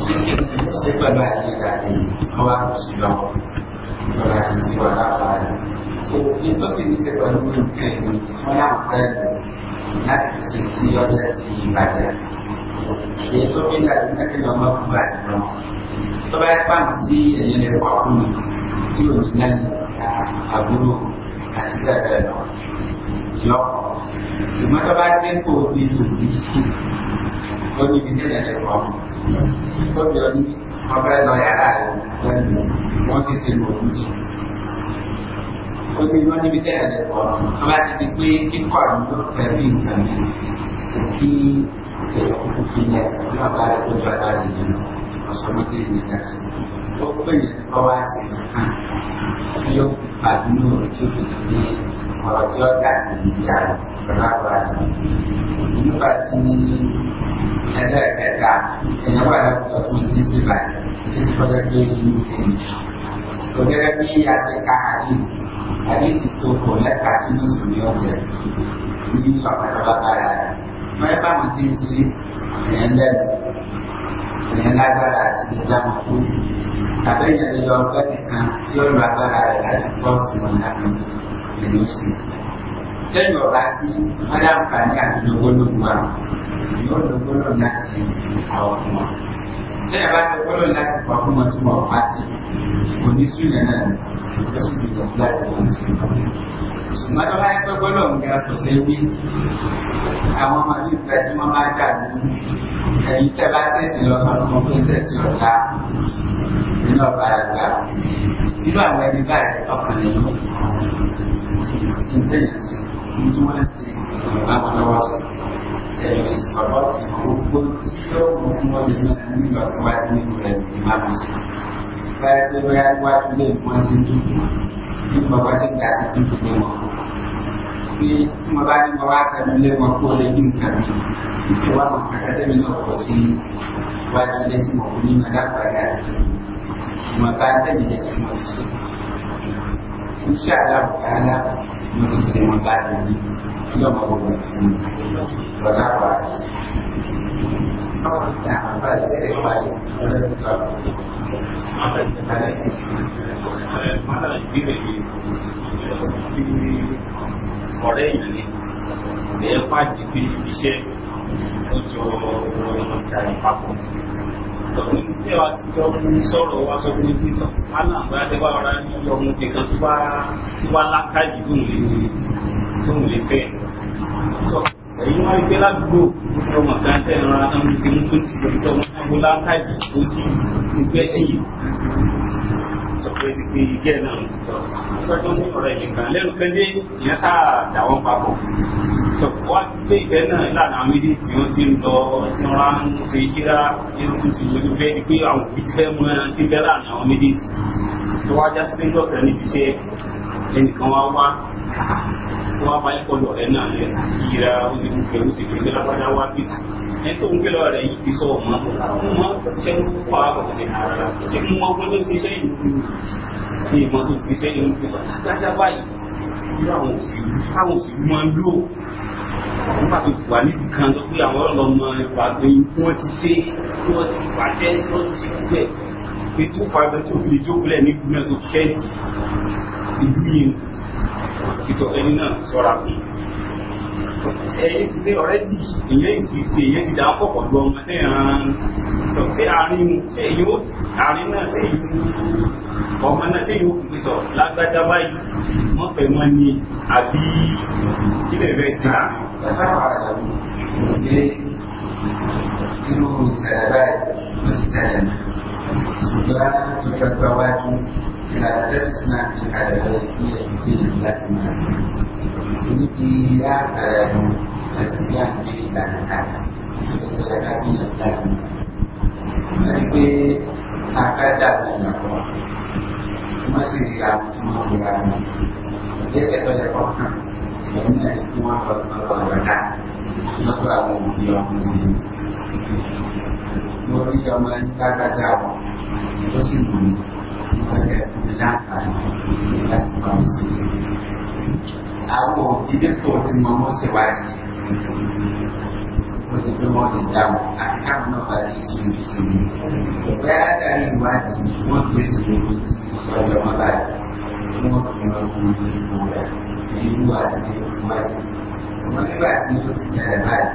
sai kwallo a yi zaɓe hawa su yi hawa so in ba su yi sai kwallo mun kai mun kuma ya hankali na su fuskanci wata su yi bajiyar da ya zo bin da abin da kan yamma kuma ba su zama to ba ya kwan ti yanyi da kwa kuma ti o ni lọ́jọ́ ní wọ́n lọ yàrá rẹ̀ lẹ́nu wọ́n sì ṣe lòun jù ó ní wọ́n níbi tẹ́lẹ̀ lè tó pè é lọ́wọ́ àṣẹ ìṣúná tí yóò fi pàdúnú rẹ̀ tí ó fi ní ọ̀rọ̀ tí ó dà ní ìyá ìrọ̀lágbà rẹ̀. nígbà tí ẹlẹ́ẹ̀kẹta ẹ̀yàn wà láwùjọ tó ń ti sí ìbàdàn tí sì kọjá pé ní ìlú kò gẹ́gẹ́ bí àṣekà àdìs àdìsì tó kò lẹ́ka tí mùsùlùmí ọ̀jẹ̀ ní ọ̀pọ̀lọpọ̀ bàbá rẹ̀. wọ́n yẹ bá wọn ìyẹn lágbára àti ìjà mọ̀kú àbẹ́yìn ẹ̀lẹ́yọ ọgbẹ́ nìkan tí ó lọ agbára rẹ̀ láti bọ́ sí wọn lábẹ́ ìlú sí lẹ́yìn ọ̀gá sí wọ́n dá nǹkanní àti lọ́gbọ́lọ́gbọ́ àwọn yóò lọ́gbọ́lọ́ láti àwọn fún wọn lẹ́yìn bá lọ́gbọ́lọ́ láti pa fún wọn tí wọ́n fà tì onísúnyẹ náà ó sì gbìyànjú láti wọ́n sí ṣùgbọ́n tó bá yẹ pé gbọ́lọ́ ń ga kò ṣe wí àwọn ọmọ ìgbà tí wọ́n máa dà ní ẹ̀yin tẹ́ bá ṣèṣì lọ sọ́nà mọ́ pé tẹ̀sí ọ̀la nínú ọ̀bà àgbà nínú àwọn ẹni báyìí ọkàn nínú ìtẹ̀yìn sí ní tí wọ́n ṣe ìgbà wọn lọ́wọ́ sí ẹ̀yọ̀ sì sọ̀rọ̀ tí gbogbo tí yóò mú kí wọ́n lè máa ní ìlọsíwájú nínú rẹ̀ ní máa lọ sí. báyìí pé bóyá wájú lè mú wọn ti ń dùn nípa wájú gbà sí ti ń wọn. porque se uma vaga embolada me leva uma coisa aqui no caminho. E se eu abro uma cadeira menor para você, vai dar uma décima folhinha na gata para a gata. Uma vaga até me desce uma de cima. Um chá lá para a gata, uma de cima, uma vaga de mim. E eu vou abrir uma folhinha. Para dar para a gata. Ah, tá, mas é que é que vai, é que é que vai. Mas é que é que vai. Mas é que é que vai. ọ̀rẹ́ èèyàn ni lẹ́yìn pàdé pé iṣẹ́ ó jọ papọ̀ tọ̀tún tí ti jọ fún sọ̀rọ̀ wá sọ fún ibi tán hánà bóyá tẹ́ bá ní ọmọ nìkan tó bá tó tó ń lè tó ń lè fẹ́ èyí wọ́n rí pé ládùúgbò ọmọ kan tẹ́ ẹ̀rọ amúnisẹ́mú tó ti sọ̀rọ̀ tó ń lákàyè tó sì ń gbẹ́sẹ̀ yìí sọ pé sí pé igi ẹ̀ náà ń sọ tọ́jú ní ọ̀rẹ́ yìí kan lẹ́nu kan dé ìyẹn sáà dàwọ́ papọ̀ sọ wá pé ìfẹ́ náà ìlànà àwọn méjì tí wọ́n ti ń lọ tí wọ́n rán ṣe jíra nínú tó ti lójú bẹ́ẹ̀ ni pé àwọn òbí ti fẹ́ mú ẹran tí bẹ́ẹ̀ láàrin àwọn méjì tó wá já sí pé lọ́kàn níbi iṣẹ́ ẹnìkan wá wá wá wá ní kọlọ rẹ náà yẹ kíra ó sì fún kẹrù sì fún gbẹlábàdà wá bí ẹni tó ń gbé lọ rẹ yìí ti sọ ọmọ ọmọ ṣe ń kó àwọn ọ̀sẹ̀ ara ṣe ń mọ ọgbọ́n tó ń ṣiṣẹ́ ìlú ní ìmọ̀ tó ń ṣiṣẹ́ ìlú pé dájá báyìí irú àwọn òṣèlú táwọn òṣèlú máa ń lò nígbà tó wà níbi kan tó pé àwọn ọlọ́mọ ẹ̀fà pé tí wọ́n ti ṣe tí wọ́n ti pàṣẹ tí wọ́n ti ṣe púpẹ̀ pé tó fa ẹgbẹ́ tó fi lè jókòó lẹ̀ ní ìgbìmọ̀ tó ṣẹ́ẹ̀tì ìlú yìí ìtọ̀ ẹni náà sọ́ra fún ẹ̀yìn sí pé ọ̀rẹ́ tí ìyẹn sì ṣe ìyẹn ti dáa pọ̀pọ̀ lọ ọmọ ẹ̀ hàn tọ̀ sí àárín sí èyí ó àárín náà sí èyí ọmọ náà sí èyí ó kùnkùn tọ̀ lágbájá báyìí wọ́n fẹ́ mọ́ ni àbí kílẹ̀ rẹ̀ sí ra. ẹ bá báyìí ló ti ṣẹlẹ̀ ṣùgbọ́n tó fẹ́ wájú Gracias na categoria de latimana. Significa la sesión de la casa. Itu àwọn òbí tó ti mọ mọ́ síwájú wọ́n ti fi wọ́n lè dáhùn àkàkọ́ náà bá lè sùn ní sinmi. ọ̀pẹ́ àdáyé ìwádìí ni wọ́n ti sì lówó tí ọjọ́ wọn bá tí wọ́n fi wọn kú ní ipò rẹ̀ nínú àṣìṣe tó wáyé. ṣùgbọ́n nígbà tí ó ti ṣẹlẹ̀ báyìí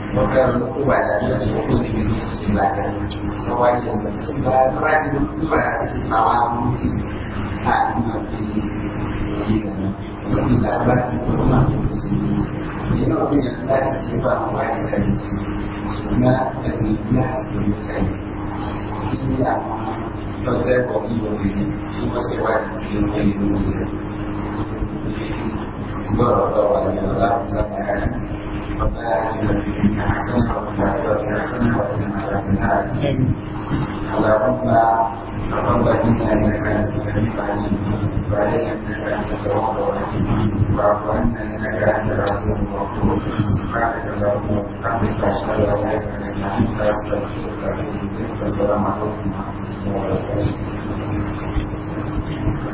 maka lukuba da ta ce wato da biyu su sun lafiya na wani da sun fara fara su duk fara a cikin tsawa a mutu a duniya ke yi gina na da ba kuma ke su yi ne na wani yadda za su sun fara ba da kan su sai in wani su ba su wa da su yi ربنا اتنا في الدنيا حسنه وفي الاخره حسنه وقنا عذاب النار اللهم تقبل منا انك انت السميع العليم وعلينا انك انت التواب الرحيم واعف عنا انك انت العفو الغفور سبحانك اللهم وبحمدك اشهد ان لا اله الا انت استغفرك واتوب اليك والسلام عليكم ورحمه الله وبركاته